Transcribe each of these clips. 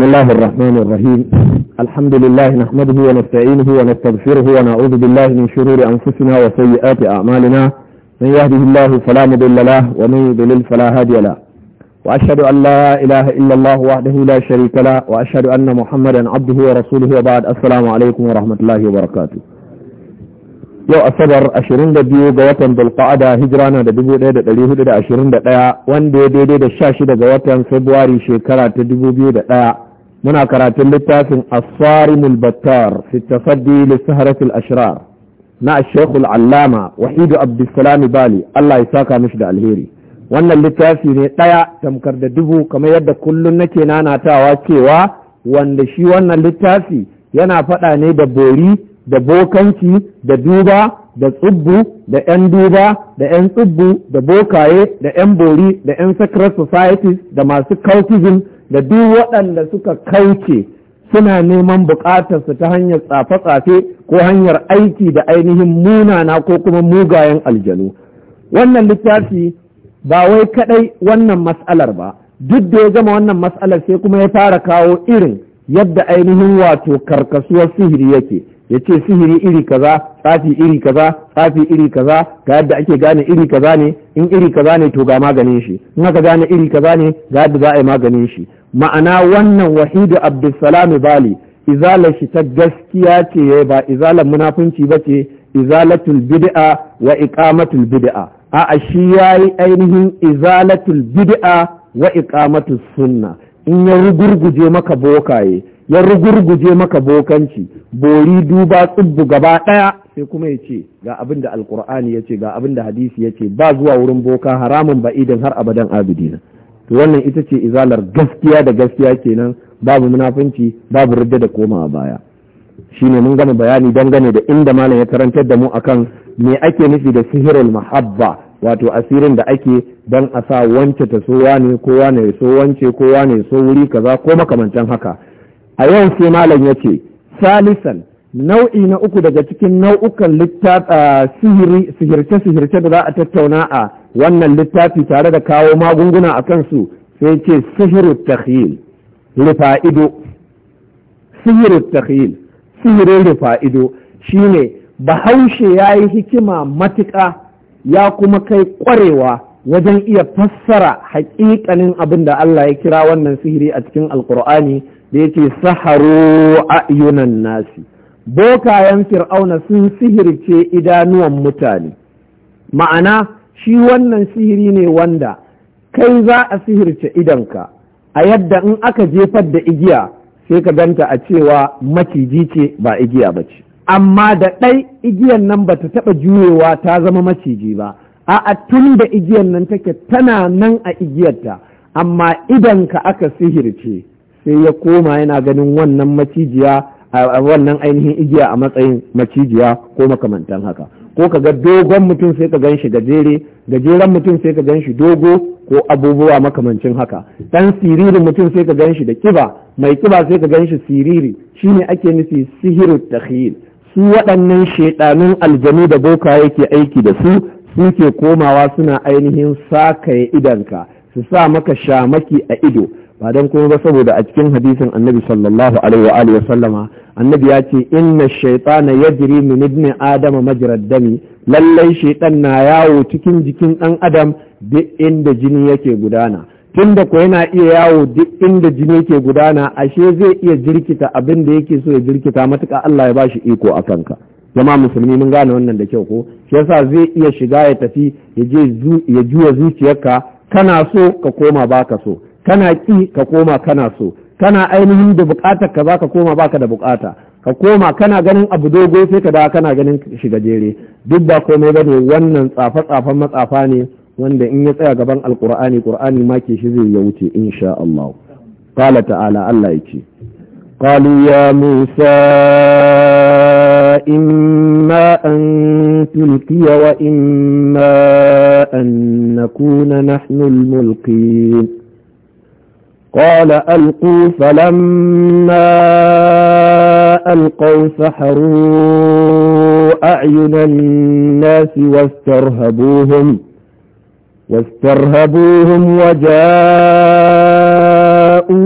بسم الله الرحمن الرحيم الحمد لله نحمده ونستعينه ونستغفره ونعوذ بالله من شرور أنفسنا وسيئات أعمالنا من يهده الله فلا مضل له ومن يضلل فلا هادي له وأشهد أن لا إله إلا الله وحده لا شريك له وأشهد أن محمدا عبده ورسوله وبعد السلام عليكم ورحمة الله وبركاته yau asabar 22 ga watan dulqa'ada hijira na da 1421 wanda ya daidai da 16 ga watan february shekara ta 2001 muna karatun littafin asarimul battar fi tasaddi li na Sheikh allama Wahidu abdulsalami Bali Allah ya saka mishi da alheri wannan littafi ne ɗaya tamkar da dubu kamar yadda kullum nake nanatawa cewa wanda shi wannan littafi yana faɗa ne da bori da bokanci da duba da tsubbu da 'yan duba da 'yan tsubbu da bokaye da 'yan bori da 'yan secret societies da masu cultism da duk waɗanda suka kauce suna neman buƙatarsu ta hanyar tsafe-tsafe ko hanyar aiki da ainihin munana ko kuma mugayen aljanu wannan littafi ba wai kaɗai wannan mas'alar ba duk da ya gama wannan matsalar sai kuma ya fara kawo irin yadda ainihin wato karkasuwar sihiri yake ya ce sihiri iri kaza tsafi iri kaza tsafi iri kaza ga yadda ake gane iri kaza ne in iri kaza ne to ga maganin shi in aka gane iri kaza ne ga yadda za a yi maganin shi ma'ana wannan wahidu abdulsalami bali izala shi ta gaskiya ce ba izalar munafunci ba ce izalatul bid'a wa iqamatul bid'a a'a shi yayi ainihin izalatul bid'a wa iqamatus sunna in ya rugurguje maka bokaye ya rugurguje maka bokanci bori duba tsubbu gaba ɗaya sai kuma ya ce ga abin da alkur'ani ya ce ga abin da hadisi ya ce ba zuwa wurin boka haramun ba idan har abadan abidina wannan ita ce izalar gaskiya da gaskiya kenan babu munafunci babu rudda da a baya shi ne mun gama bayani dangane da inda malam ya karantar da mu akan me ake nufi da sihirul mahabba wato asirin da ake don a sa wance ta so wane ko wane ne so wance ko wane so wuri kaza ko makamantan haka a yau sai malam ya ce salisan nau'i na uku daga cikin nau'ukan sihirce sihirce da za a tattauna a wannan littafi tare da kawo magunguna a kansu sai ce sihiru takhil rufa sihiru takhil sihirin rufa ido shine bahaushe ya yi hikima matuƙa ya kuma kai ƙwarewa wajen iya fassara haƙiƙanin abin da Allah ya kira wannan sihiri a cikin alkur'ani da yake saharo ayunan nasi bokayen fir'auna sun sihirce idanuwan mutane ma'ana shi wannan sihiri ne wanda kai za a sihirce idanka a yadda in aka jefar da igiya sai ka ganta a cewa maciji ce ba igiya ba ce amma da ɗai igiyan nan ba ta taɓa juyewa ta zama maciji ba a tun da igiyan nan take tana nan a igiyarta amma idanka aka sihirce sai ya koma yana ganin wannan macijiya a wannan ainihin igiya a matsayin macijiya ko makamantan haka ko ka ga dogon mutum sai ka gan shi gajere gajeren mutum sai ka gan shi dogo ko abubuwa makamancin haka dan siririn mutum sai ka gan shi da kiba mai kiba sai ka gan shi siriri shine ake nufi sihiru takhil su waɗannan shaiɗanun aljanu da boka yake aiki da su suke komawa suna ainihin sakaye idanka su sa maka shamaki a ido ba dan kuma ba saboda a cikin hadisin annabi sallallahu alaihi wa alihi sallama annabi ya ce inna shaytana yajri min ibn adam majrad dami lallai shaytan na yawo cikin jikin dan adam duk inda jini yake gudana tunda ko yana iya yawo duk inda jini yake gudana ashe zai iya jirkita abin da yake so ya jirkita matuka Allah ya bashi iko a kanka jama'a musulmi mun gane wannan da kyau ko shi yasa zai iya shiga ya tafi ya je ya juya zuciyarka kana so ka koma baka so kana ƙi ka koma kana so kana ainihin da buƙatar ka za ka koma baka da buƙata ka koma kana ganin abu dogo sai ka dawo kana ganin shiga jere duk ba komai bane wannan tsafa tsafan matsafa ne wanda in ya tsaya gaban alqur'ani qur'ani ma ke shi zai ya wuce insha Allah qala ta'ala Allah yake musa imma an إما wa imma an أن قال ألقوا فلما ألقوا سحروا أعين الناس واسترهبوهم واسترهبوهم وجاءوا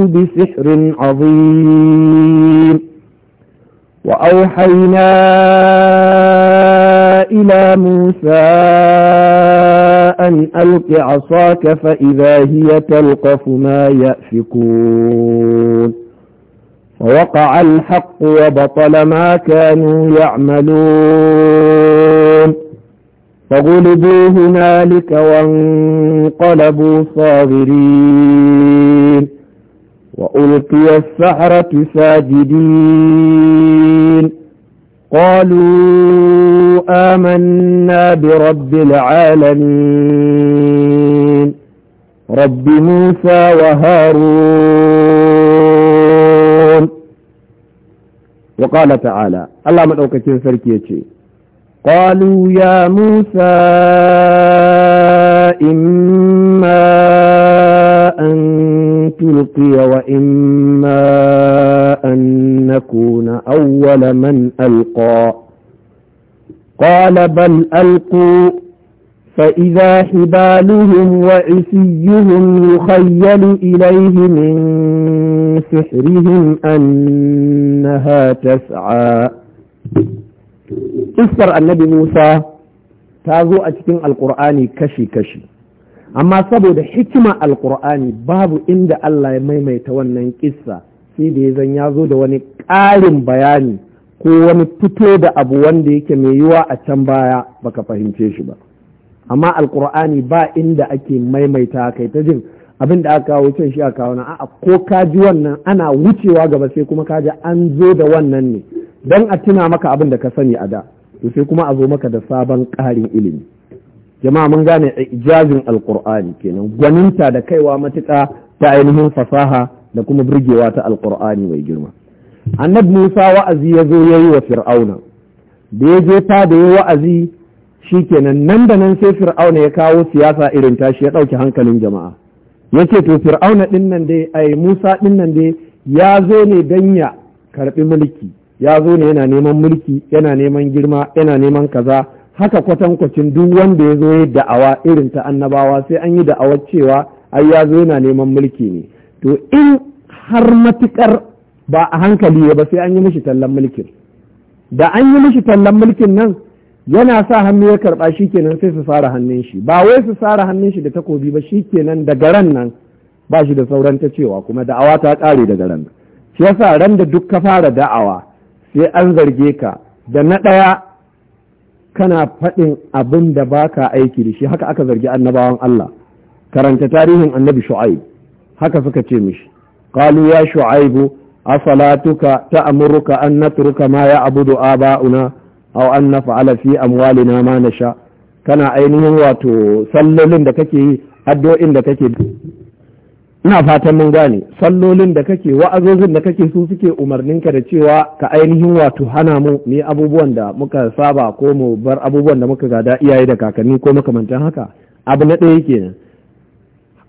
بسحر عظيم وأوحينا إلى موسى أن ألق عصاك فإذا هي تلقف ما يأفكون فوقع الحق وبطل ما كانوا يعملون فغلبوا هنالك وانقلبوا صاغرين وألقي السحرة ساجدين قالوا آمنا برب العالمين رب موسى وهارون وقال تعالى الله مدوكتين سركيتي قالوا يا موسى إما أن تلقي وإما أول من ألقى قال بل ألقوا فإذا حبالهم وعسيهم يخيل إليه من سحرهم أنها تسعى إسر النبي موسى تازو أتكين القرآن كشي كشي أما صبو دا حكمة القرآن باب إن الله ميميت ونن كسر sai da ya zan ya zo da wani ƙarin bayani ko wani fito da abu wanda yake mai yiwa a can baya baka fahimce shi ba amma alkur'ani ba inda ake maimaita kai ta jin abin da aka kawo can shi a kawo nan a'a ko ka ji wannan ana wucewa gaba sai kuma ka ji an zo da wannan ne don a tuna maka abin da ka sani a da to sai kuma a zo maka da sabon ƙarin ilimi jama'a mun gane ijazin alkur'ani kenan gwaninta da kaiwa matuƙa ta ainihin fasaha da kuma burgewa ta alkur'ani mai girma annabi musa wa'azi ya zo ya yi wa fir'auna da ya je ta da ya wa'azi shi shikenan nan da nan sai fir'auna ya kawo siyasa irin tashi ya ɗauki hankalin jama'a ya ce to fir'auna ɗin nan dai ai musa ɗin nan dai ya zo ne dan ya karɓi mulki ya zo ne yana neman mulki yana neman girma yana neman kaza haka kwatankwacin duk wanda ya zo ya da'awa irin ta annabawa sai an yi da'awar cewa ai ya zo yana neman mulki ne to in har matukar ba a hankali ba sai an yi mishi tallan mulkin da an yi mishi tallan mulkin nan yana sa hannu ya karɓa shi kenan sai su fara hannun shi ba wai su fara hannun shi da takobi ba shi kenan da garan nan ba shi da sauran ta cewa kuma da'awa ta ƙare daga ran shi yasa ran da duk ka fara da'awa sai an zarge ka da na ɗaya kana faɗin abin da baka aiki da shi haka aka zargi annabawan Allah karanta tarihin annabi shu'aib haka suka ce mishi qalu ya shu'aibu asalatuka ta'muruka an natruka ma ya'budu aba'una aw an naf'ala fi amwalina ma nasha kana ainihin wato sallolin da kake yi addu'o'in da kake ina fatan mun gane sallolin da kake wa'azozin da kake su suke umarninka da cewa ka ainihin wato hana mu ni abubuwan da muka saba ko mu bar abubuwan da muka gada iyaye da kakanni ko makamantan haka abu na ɗaya kenan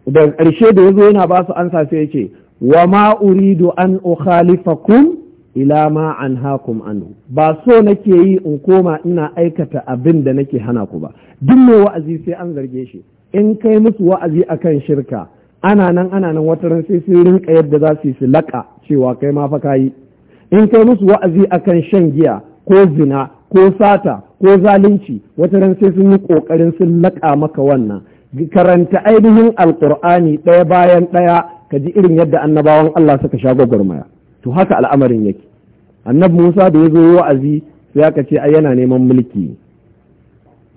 da ƙarshe da yazo yana ba su ansa sai yace wa ma uridu an ukhalifakum ila ma an hakum anhu ba so nake yi in koma ina aikata abin da nake hana ku ba duk mai wa'azi sai an zarge shi in kai musu wa'azi akan shirka ana nan ana nan wata ran sai sun rinka yadda za su yi su laƙa cewa kai ma fa kayi in kai musu wa'azi akan shan giya ko zina ko sata ko zalunci wata ran sai sun yi ƙoƙarin sun laƙa maka wannan karanta ainihin Alƙur'ani ɗaya bayan ɗaya ka ji irin yadda annabawan Allah suka sha gwagwarmaya to haka al'amarin yake annabi Musa da ya zo wa'azi sai aka ce ai yana neman mulki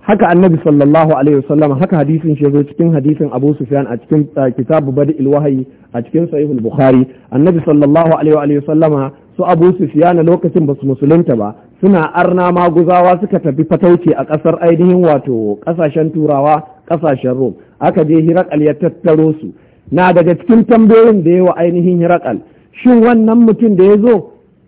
haka annabi sallallahu alaihi wasallam haka hadisin shi zo cikin hadisin Abu Sufyan a cikin kitabu Badil Wahyi a cikin Sahihul Bukhari annabi sallallahu alaihi wasallam su Abu Sufyan lokacin basu musulunta ba suna arna maguzawa suka tafi fatauci a kasar ainihin wato kasashen turawa ƙasashen rom aka je hirakal ya tattaro su na daga cikin tambayoyin da yawa ainihin hirakal shin wannan mutum da ya zo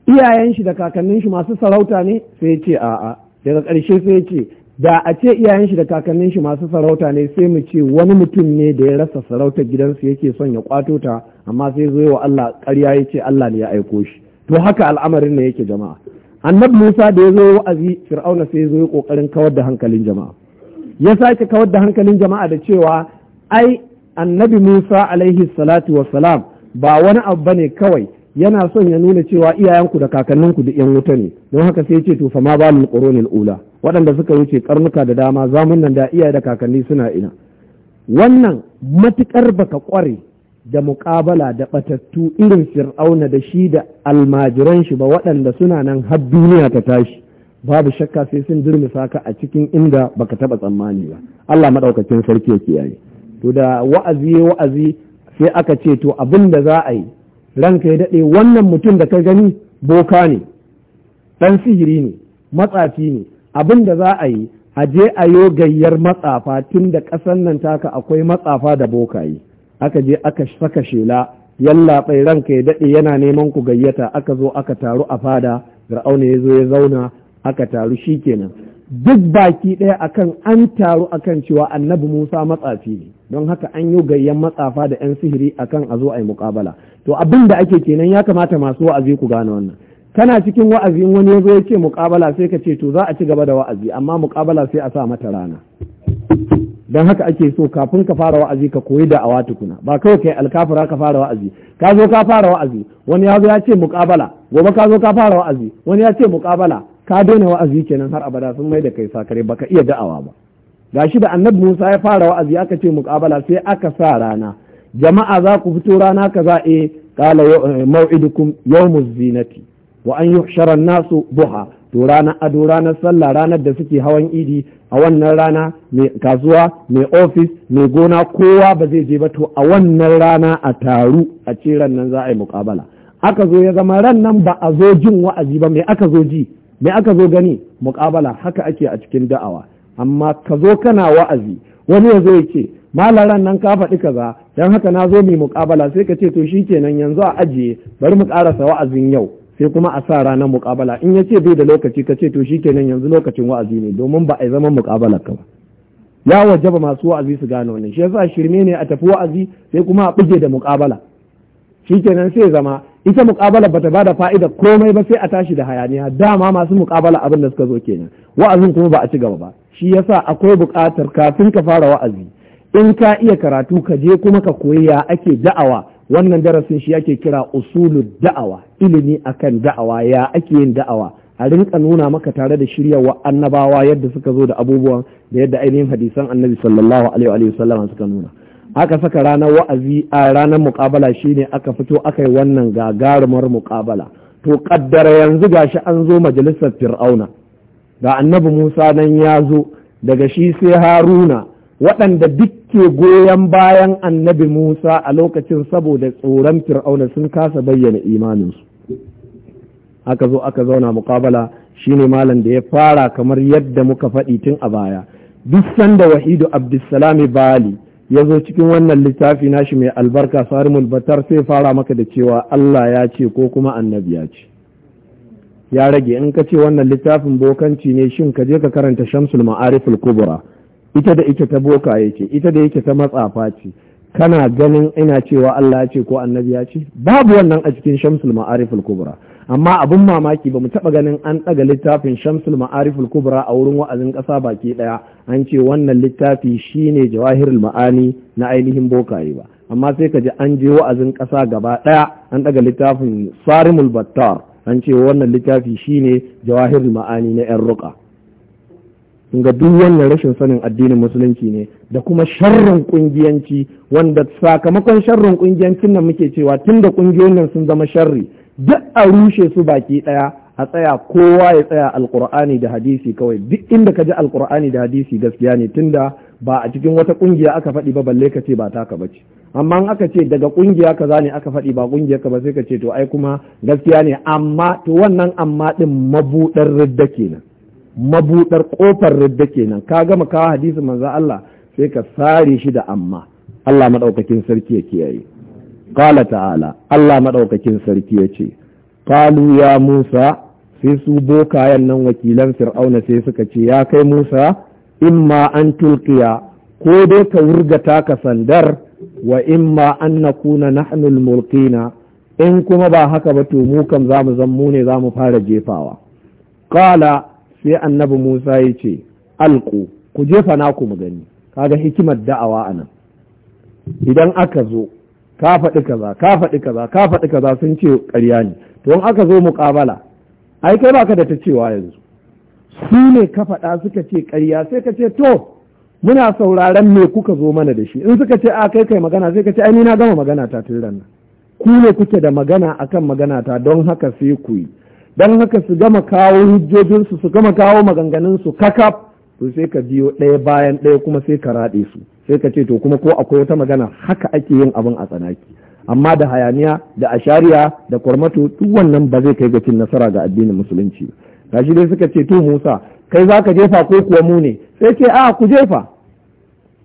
iyayen shi da kakannin shi masu sarauta ne sai ce a'a daga ƙarshe sai ce da a ce iyayen shi da kakannin shi masu sarauta ne sai mu ce wani mutum ne da ya rasa sarautar gidansu yake son ya kwato ta amma sai zo wa Allah ƙarya ya ce Allah ne ya aiko shi to haka al'amarin ne yake jama'a annabi Musa da ya zo wa'azi Fir'auna sai zo ya kokarin kawar da hankalin jama'a ya sake kawar da hankalin jama'a da cewa ai annabi Musa alaihi salatu wa salam ba wani abu bane kawai yana son ya nuna cewa iyayenku da kakanninku da yan wuta ne don haka sai ce to fa ma balul ula waɗanda suka wuce karnuka da dama zamun nan da iyaye da kakanni suna ina wannan matukar baka ƙware da muƙabala da batattu irin fir'auna da shi da almajiran shi ba waɗanda suna nan har duniya ta tashi babu shakka sai sun durmusa ka a cikin inda baka taba tsammani ba Allah maɗaukacin sarki yake yayi to da wa'azi wa'azi sai aka ce to abin da za a yi ranka ya dade wannan mutum da ka gani boka ne ɗan sihiri ne matsafi ne abin da za a yi a je a yo gayyar matsafa tun da ƙasar nan taka akwai matsafa da bokaye aka je aka saka shela yalla ranka ya daɗe yana neman ku gayyata aka zo aka taru a fada fir'auna ya zo ya zauna aka taru shi kenan duk baki ɗaya akan an taru akan cewa annabi Musa matsafi ne don haka an yi gayyan matsafa da 'yan sihiri akan a zo a yi muƙabala to abin da ake kenan ya kamata masu wa'azi ku gane wannan kana cikin wa'azi wani yazo ya ce muƙabala sai ka ce to za a ci gaba da wa'azi amma muƙabala sai a sa mata rana don haka ake so kafin ka fara wa'azi ka koyi da awa tukuna ba kawai kai alkafira ka fara wa'azi ka zo ka fara wa'azi wani ya zo ya ce muƙabala gobe ka zo ka fara wa'azi wani ya ce muƙabala ka daina wa'azi kenan har abada sun mai da kai sakare baka iya da'awa ba gashi da annabi Musa ya fara wa'azi aka ce muqabala sai aka sa rana jama'a za ku fito rana kaza eh qala eh, maw'idukum yawmuz zinati wa an yuhshara nasu buha to rana ado ranar sallah ranar da suke hawan idi a wannan rana mai kasuwa mai ofis mai gona kowa ba zai je ba to a wannan rana a taru a ce ran nan za a yi muƙabala aka zo ya zama rannan ba a zo jin wa'azi ba mai aka zo ji me aka zo gani muƙabala haka ake a cikin da'awa amma ka zo kana wa'azi wani ya zo ya ce ran nan ka faɗi kaza dan haka na zo mai muƙabala sai ka ce to shi kenan yanzu a ajiye bari mu ƙarasa wa'azin yau sai kuma a sa ranar muƙabala in ya ce bai da lokaci ka ce to shi kenan yanzu lokacin wa'azi ne domin ba a yi zaman muƙabalar ka ba ya wajaba masu wa'azi su gano wannan shi yasa shirme ne a tafi wa'azi sai kuma a buge da muƙabala kenan sai zama ita muƙabala bata bada fa'ida komai ba sai a tashi da hayaniya dama masu mukabala abin da suka zo kenan wa'azin kuma ba a ci gaba ba shi yasa akwai buƙatar kafin ka fara wa'azi in ka iya karatu ka je kuma ka koyi ya ake da'awa wannan darasin shi ake kira usulul da'awa ilimi akan da'awa ya ake yin da'awa a rinka nuna maka tare da shiryawa annabawa yadda suka zo da abubuwan da yadda ainihin hadisan annabi sallallahu alaihi wa sallam suka nuna aka saka ranar wa'azi a ranar muƙabala shine aka fito aka yi wannan gagarumar muƙabala to kaddara yanzu gashi an zo majalisar fir'auna ga annabi musa nan ya zo daga shi sai haruna waɗanda dukke goyon bayan annabi musa a lokacin saboda tsoron fir'auna sun kasa bayyana imaninsu aka zo aka zauna muƙabala shine malam da ya fara kamar yadda muka faɗi tun a baya duk sanda wahidu abdulsalami bali ya zo cikin wannan littafi nashi mai albarka sarimul batar sai fara maka da cewa Allah ya ce ko kuma annabi ya ce ya rage in ka ce wannan littafin bokanci ne shin ka je ka karanta shamsul ma'ariful kubra ita da ita ta boka ya ce, ita da yake ta matsafa ce kana ganin ina cewa Allah ya ce ko annabi ya ce babu wannan a cikin shamsul ma'ariful kubra amma abin mamaki ba mu taɓa ganin an ɗaga littafin shamsul ma'ariful kubra a wurin wa'azin ƙasa baki ɗaya an ce wannan littafi shine jawahirul ma'ani na ainihin bokaye ba amma sai ka ji an je wa'azin ƙasa gaba ɗaya an ɗaga littafin sarimul battar an ce wannan littafi shine jawahirul ma'ani na yan ruka ga duk wannan rashin sanin addinin musulunci ne da kuma sharrin kungiyanci wanda sakamakon sharrin kungiyancin nan muke cewa tunda da kungiyoyin nan sun zama sharri duk a rushe su baki ɗaya a tsaya kowa ya tsaya alkur'ani da hadisi kawai duk inda ka ji alkur'ani da hadisi gaskiya ne tunda ba a cikin wata ƙungiya aka faɗi ba balle ka ce ba taka ba ce amma in aka ce daga kungiya kaza ne aka faɗi ba kungiya ka ba sai ka ce to ai kuma gaskiya ne amma to wannan amma din mabuɗar ridda kenan mabudar kofar ridda kenan ka gama kawo hadisi manzo Allah sai ka sare shi da amma Allah madaukakin sarki ya kiyaye kala ta'ala Allah maɗaukakin sarki ya ce. kalu ya Musa sai su bokayen nan wakilan fir'auna sai suka ce ya kai Musa imma an tulkiya ko dai ka wurga taka sandar wa imma an na nakuna nahnu mulkina in kuma ba haka ba to mu kam zamu zan mu ne mu fara jefawa kala sai annabi Musa ya ce, alƙu ku jefa naku mu gani kaga hikimar da'awa a nan. idan aka zo ka faɗi kaza ka faɗi kaza ka faɗi kaza sun ce ƙarya ne to in aka zo muƙabala ai kai baka da ta cewa yanzu su ne ka faɗa suka ce ƙarya sai ka ce to muna sauraron me kuka zo mana da shi in suka ce a kai kai magana sai ka ce ai ni na gama magana ta tun ranna. ku ne kuke da magana akan magana ta don haka sai ku yi don haka su gama kawo hujjojinsu su gama kawo maganganunsu kakaf to sai ka biyo ɗaya bayan ɗaya kuma sai ka raɗe su sai ka ce to kuma ko akwai wata magana haka ake yin abin a tsanaki amma da hayaniya da ashariya da kwarmato duk wannan ba zai kai ga cin nasara ga addinin musulunci shi dai suka ce to Musa kai za ka jefa ko kuwa mu ne sai ce a ku jefa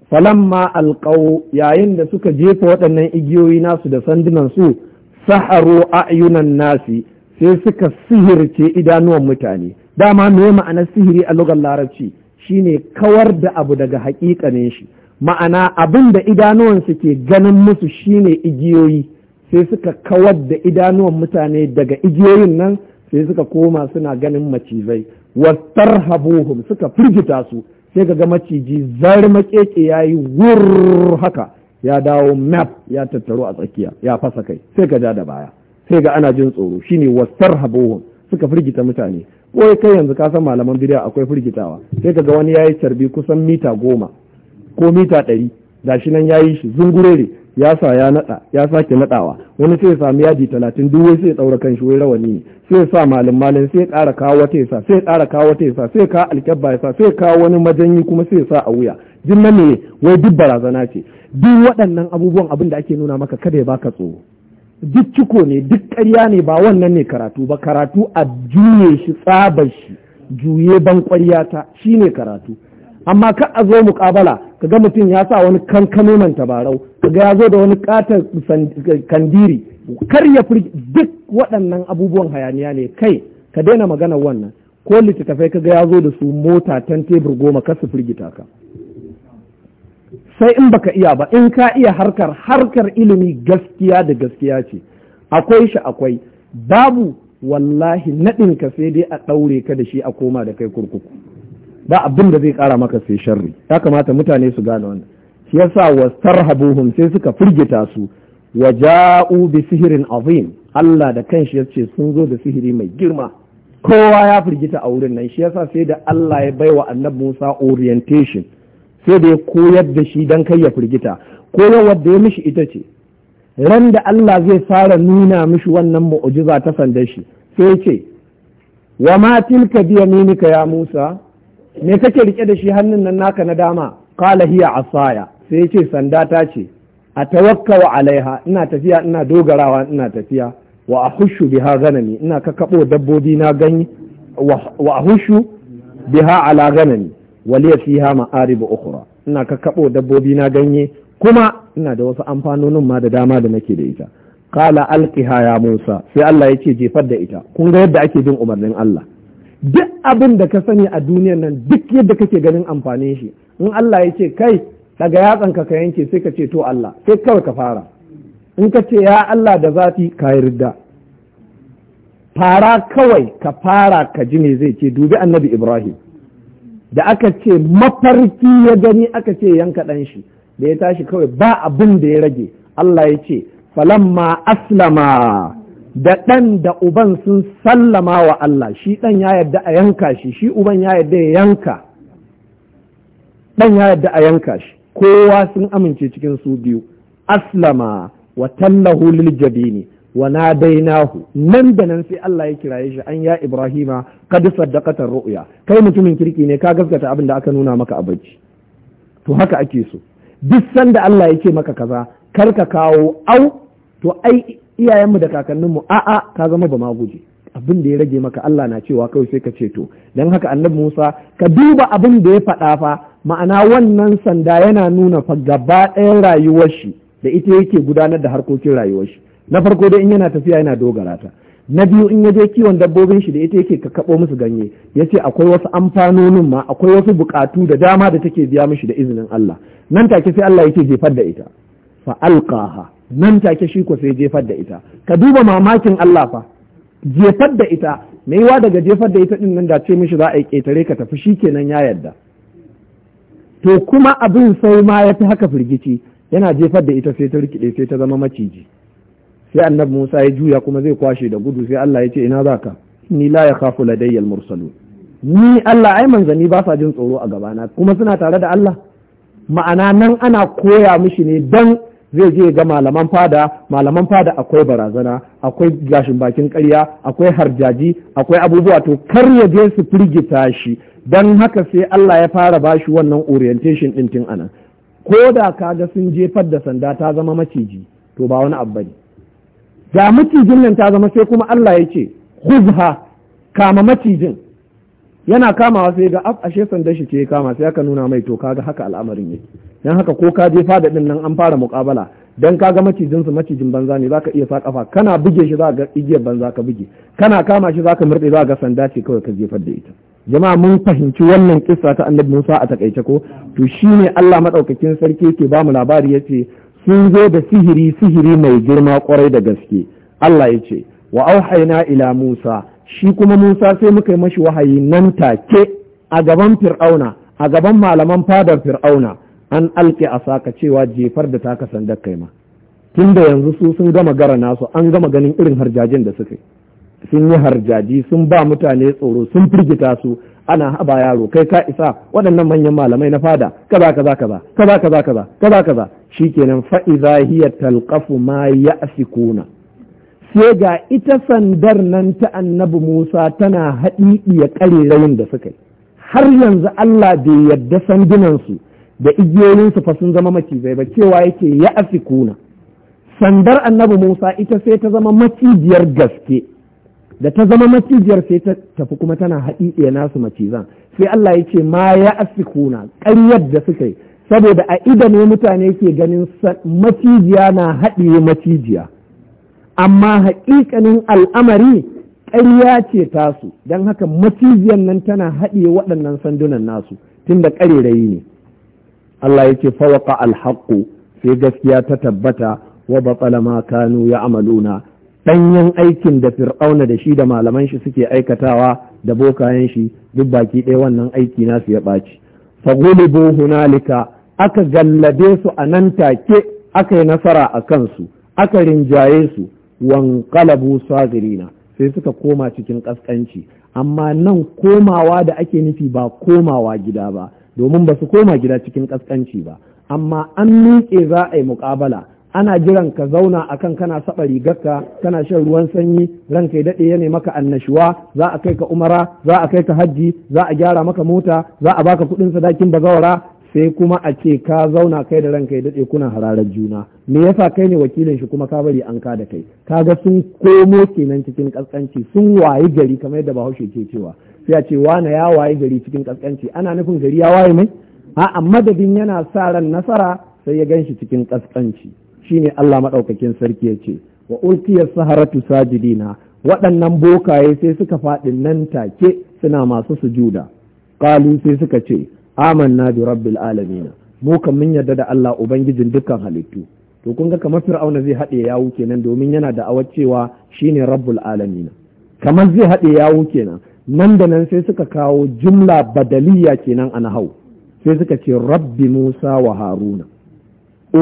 falamma alqau yayin da suka jefa waɗannan igiyoyi nasu da sandunan su saharu ayunan nasi sai suka sihirce idanuwan mutane dama me ma'anar sihiri a lugar larabci shine kawar da abu daga haƙiƙanin shi ma'ana abin da idanuwan ke ganin musu shine igiyoyi sai suka kawar da idanuwan mutane daga igiyoyin nan sai suka koma suna ganin macizai wastar habuhum suka firgita su sai ga maciji zar makeke ya yi wur haka ya dawo map ya tattaro a tsakiya ya fasa kai sai ka ja da baya sai ga ana jin tsoro shine wastar habuhum suka firgita mutane ko kai yanzu ka san malaman bidiya akwai firgitawa sai kaga wani yayi carbi kusan mita goma ko mita ɗari da shi nan yayi shi zungurere ya sa ya nada ya sake nadawa wani sai ya sami yaji talatin duk wai sai ya daura kan shi wai rawani ne sai ya sa malam-malam, sai ya ƙara kawo wata ya sa sai ya ƙara kawo wata ya sa sai ya kawo alkyabba sa sai ya wani majanyi kuma sai ya sa a wuya jin nan ne wai duk barazana ce duk waɗannan abubuwan abin da ake nuna maka kada ya baka tsoro duk ciko ne duk ƙarya ne ba wannan ne karatu ba karatu a juye shi tsabar shi juye ban ƙwarya ta shi ne karatu amma ka a zo muƙabala ka ga mutum ya sa wani kankano man tabarau ka ga ya zo da wani ƙatar kandiri kar ya fi duk waɗannan abubuwan hayaniya ne kai ka daina magana wannan ko littattafai ka ga ya zo da su mota tan tebur goma kar su firgita ka sai in baka iya ba in ka iya harkar harkar ilimi gaskiya da gaskiya ce akwai shi akwai babu wallahi naɗin ka sai dai a ɗaure ka da shi a koma da kai kurkuku ba abin da zai ƙara maka sai sharri ya kamata mutane su gane wannan shi yasa wastarhabuhum sai suka firgita su wa ja'u bi sihirin azim Allah da kanshi yace sun zo da sihiri mai girma kowa ya firgita a wurin nan shi yasa sai da Allah ya baiwa annabi Musa orientation sai da ya koyar da shi don kai ya firgita koyarwar wadda ya mishi ita ce ran da Allah zai fara nuna mishi wannan mu'ujiza ta sandar shi sai ce wa ma tilka biyaminika ya Musa me kake rike da shi hannun nan naka na dama qala hiya asaya sai ya ce sanda ta ce a tawakkawa alaiha ina tafiya ina dogarawa ina tafiya wa ahushu biha ganami ina kakabo dabbobi na ganye wa ahushu biha ala ganami waliya fiha ma'aribu ukhra ina ka kabo dabbobi na ganye kuma ina da wasu amfanonin ma da dama da nake da ita qala alqiha ya musa sai Allah ya ce jefar da ita kun ga yadda ake bin umarnin Allah duk abin da ka sani a duniyar nan duk yadda kake ganin amfanin shi in Allah ya kai daga yatsan ka ka yanke sai ka ce to Allah sai kawai ka fara in ka ce ya Allah da zafi ka yi ridda fara kawai ka fara ka ji me zai ce dubi annabi Ibrahim da aka ce mafarki ya gani aka ce yanka ɗan shi da ya tashi kawai ba abin da ya rage Allah ya ce falamma aslama da ɗan da uban sun sallama wa Allah shi ɗan ya yarda a yanka shi shi uban ya yarda ya yanka ɗan ya yarda a yanka shi kowa sun amince cikin su biyu aslama wa tallahu lil wa nadainahu nan da nan sai Allah ya kiraye shi an ya Ibrahima kad saddaqata ru'ya kai mutumin kirki ne ka gaskata abin da aka nuna maka a bacci to haka ake so duk sanda Allah ya ke maka kaza kar ka kawo au to ai iyayenmu da kakanninmu a'a ka zama ba ma guje abin da ya rage maka Allah na cewa kawai sai ka ce to dan haka annabi Musa ka duba abin da ya faɗa fa ma'ana wannan sanda yana nuna fa gaba ɗayan rayuwar shi da ita yake gudanar da harkokin rayuwar shi na farko dai in yana tafiya yana dogara ta na biyu in yaje kiwon dabbobin shi da ita yake ka kaɓo musu ganye yace akwai wasu amfanonin ma akwai wasu bukatu da dama da take biya mishi da izinin Allah nan take sai Allah yake jefar da ita fa alqaha nan take shi ko sai jefar da ita ka duba mamakin Allah fa jefar da ita mai wa daga jefar da ita din nan da ce mishi za a yi ketare ka tafi shi shikenan ya yarda to kuma abin sai ma ya fi haka firgici yana jefar da ita sai ta rikide sai ta zama maciji sai annabi Musa ya juya kuma zai kwashe da gudu sai Allah ya ce ina zaka ni la yakhafu ladayya al-mursalun ni Allah ai manzanni ba sa jin tsoro a gabana kuma suna tare da Allah ma'ana nan ana koya mishi ne dan zai je ga malaman fada malaman fada akwai barazana akwai gashin bakin ƙarya akwai harjaji akwai abubuwa to kar ya je su firgita shi dan haka sai Allah ya fara bashi wannan orientation din tun anan ko da kaga sun jefar da sanda ta zama maciji to ba wani abu bane ga macijin nan ta zama sai kuma Allah ya ce huzha kama macijin yana kamawa sai ga af ashe sanda shi ke kama sai aka nuna mai to kaga haka al'amarin yake dan haka ko ka je fada din nan an fara muƙabala dan kaga macijin su macijin banza ne zaka iya sa kafa kana buge shi zaka ga igiyar banza ka buge kana kama shi zaka murde zaka ga sanda ce kawai ka jefar da ita jama'a mun fahimci wannan kisa ta Annabi Musa a takaice ko to shine Allah madaukakin sarki yake ba mu labari yace sun zo da sihiri sihiri mai girma kwarai da gaske Allah ya ce wa auhaina ila Musa shi kuma Musa sai muka yi mashi wahayi nan take a gaban Fir'auna a gaban malaman fadar Fir'auna an alƙi a saka cewa jefar da taka sandar kai ma tun yanzu su sun gama gara nasu an gama ganin irin harjajin da suka sun yi harjaji sun ba mutane tsoro sun firgita su ana haba yaro kai ka isa waɗannan manyan malamai na fada kaza kaza kaza kaza kaza kaza kaza kaza shikenan fa'iza hiya talqafu ma ya ya'fikuna sai ga ita sandar nan ta annabi Musa tana haɗiɗiya ƙarerayin da suka yi har yanzu Allah bai yarda sandunansu da igiyoyinsu fa sun zama macizai ba cewa yake ya'fikuna sandar annabi Musa ita sai ta zama macijiyar gaske da ta zama macijiyar sai ta tafi kuma tana haɗi haɗiɗiya nasu macizan sai Allah ya ce ma ya asikuna ƙaryar da suka yi saboda a idan ne mutane ke ganin macijiya na haɗiye macijiya amma haƙiƙanin al'amari ƙarya ce tasu don haka macijiyan nan tana haɗiye waɗannan sandunan nasu tun da ƙarerayi ne Allah yake fawaka alhaƙo sai gaskiya ta tabbata wa batsala ma kanu ya amaluna ɗanyen aikin da fir'auna da shi da malaman shi suke aikatawa da bokayen shi duk baki ɗaya wannan aiki nasu ya ɓaci fagulibu hunalika aka gallabe su a nan take aka yi nasara a kansu aka rinjaye su wanqalabu sagirina sai suka koma cikin ƙasƙanci amma nan komawa da ake nufi ba komawa gida ba domin ba su koma gida cikin ƙasƙanci ba amma an miƙe za a yi muƙabala ana jiran ka zauna akan kana saba rigarka kana shan ruwan sanyi ranka ya dade ya maka annashuwa za a kai ka umara za a kai ka hajji za a gyara maka mota za a baka kuɗin sadakin bazawara, sai kuma a ce ka zauna kai da ranka ya dade kuna hararar juna me yasa kai ne wakilin shi kuma ka bari an ka da kai kaga sun komo kenan cikin kaskanci sun wayi gari kamar yadda Bahaushe ke cewa sai a ce wane ya wayi gari cikin kaskanci ana nufin gari ya waye mai A'a, madadin yana sa ran nasara sai ya gan shi cikin kaskanci shine Allah maɗaukakin sarki ya ce wa ulkiyar saharatu sajidina waɗannan bokaye sai suka faɗi nan take suna masu sujuda ƙalu sai suka ce amanna bi rabbil alamina mu kan mun yarda da Allah ubangijin dukkan halittu to kun ga kamar fir'auna zai haɗe yawu kenan domin yana da awar cewa ne rabbul alamina kamar zai haɗe yawu kenan nan da nan sai suka kawo jumla badaliya kenan a nahau sai suka ce rabbi musa wa haruna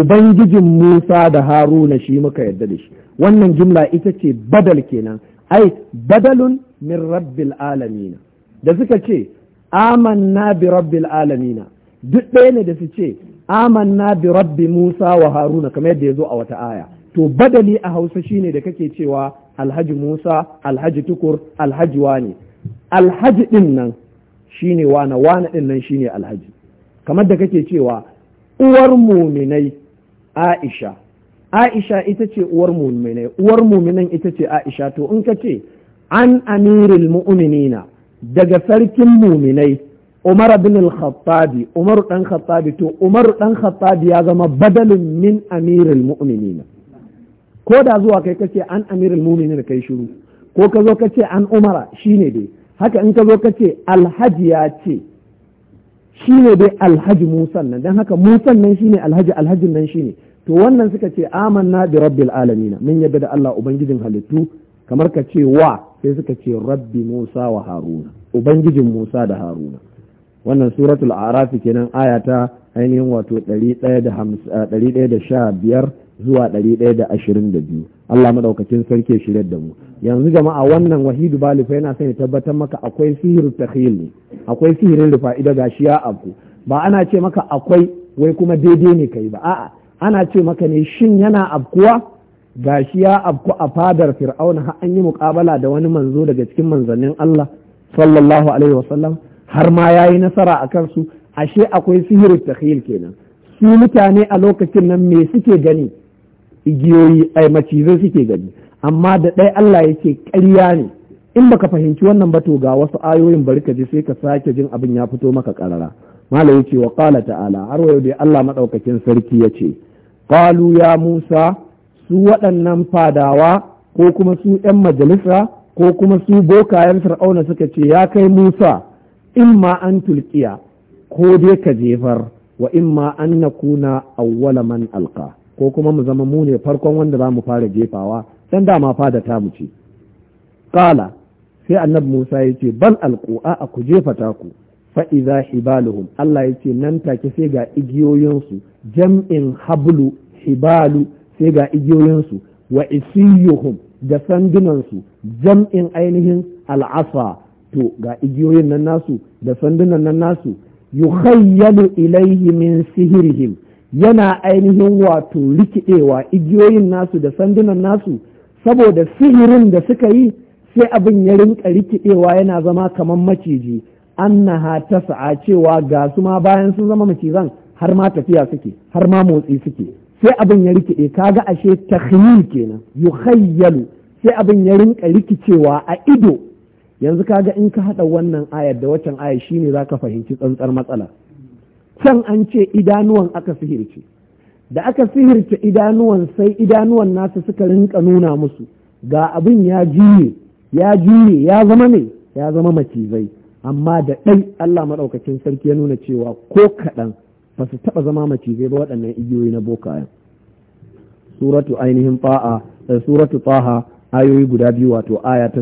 ubangijin Musa da Haruna shi muka yarda da shi wannan jimla ita ce badal kenan ai badalun min rabbil alamina da suka ce amanna bi rabbil alamina duk ɗaya ne da su ce amanna bi rabbi Musa wa Haruna kamar yadda ya zo a wata aya to badali a Hausa shi ne da kake cewa alhaji Musa alhaji Tukur alhaji wani alhaji ɗin nan shi ne, wana wana ɗin nan shi ne alhaji kamar da kake cewa uwar muminai Aisha Aisha ita ce uwar muminai uwar muminan ita ce Aisha to in ka ce an amiril mu'minina daga sarkin muminai Umar bin al-Khattabi Umar dan Khattabi to Umar dan Khattabi ya zama badalin min amiril mu'minina ko da zuwa kai kace an amiril mu'minin kai shiru ko ka zo kace an Umara shine dai haka in ka zo kace alhaji ya ce shi ne dai alhaji musan nan don haka musan nan shi ne alhaji alhajin nan shi ne to wannan suka ce amanna bi rabbil alamina mun yadda da Allah ubangijin halittu kamar ka ce wa sai suka ce rabbi musa wa haruna ubangijin musa da haruna wannan suratul arafi kenan ayata ainihin wato ɗari ɗaya da sha biyar zuwa ɗari ɗaya da da ashirin biyu. Allah madaukakin sarki shirye da mu yanzu jama'a wannan wahidu balifa yana son ya tabbatar maka akwai sihir takhil ne akwai sihirin rufa ida shi ya abu ba ana ce maka akwai wai kuma daidai ne kai ba a'a ana ce maka ne shin yana abkuwa shi ya a fadar fir'auna har an yi muƙabala da wani manzo daga cikin manzannin Allah sallallahu alaihi wasallam har ma yayi nasara a kansu ashe akwai sihiru takhil kenan su mutane a lokacin nan me suke gani igiyoyi ai macizai suke gani amma da ɗaya Allah yake ƙarya ne in baka fahimci wannan ba ga wasu ayoyin bari ka ji sai ka sake jin abin ya fito maka ƙarara. malam yace wa qala ta'ala har wayo dai Allah madaukakin sarki yace qalu ya Musa su waɗannan fadawa ko kuma su ƴan majalisa ko kuma su bokayen fir'auna suka ce ya kai Musa In ma an tulƙiya, ko dai ka jefar wa in ma an nakuna awwala man alqa ko kuma mu zama mu ne farkon wanda za mu fara jefawa dan dama fada ta mu ce qala sai annabi Musa ya ce bal alqu'a ku jefa ta ku fa idza hibaluhum Allah ya ce nan take sai ga igiyoyinsu jam'in hablu hibalu sai ga igiyoyinsu wa isiyuhum da sandunan su jam'in ainihin al'asa to ga igiyoyin nan nasu da sandunan nan nasu yukhayyalu ilayhi min sihirihim yana ainihin wato rikidewa igiyoyin nasu da sandunan nasu saboda sihirin da suka yi sai abin ya rinka rikidewa yana zama kamar maciji annaha ta sa'a cewa ga su ma bayan sun zama macizan har ma tafiya suke har ma motsi suke sai abin ya rikide kaga ashe takhmil kenan yukhayyalu sai abin ya rinka rikicewa a ido yanzu kaga in ka hada wannan ayar da waccan ayar shine zaka fahimci tsantsar matsala can an ce idanuwan aka sihirce da aka sihirce idanuwan sai idanuwan nasu suka rinka nuna musu ga abin ya jiye ya jiye ya zama ne ya zama macizai amma da ɗai Allah maɗaukacin sarki ya nuna cewa ko kaɗan ba su taɓa zama macizai ba waɗannan igiyoyi na bokayen suratu ainihin fa'a eh, suratu faha ayoyi guda biyu wato aya ta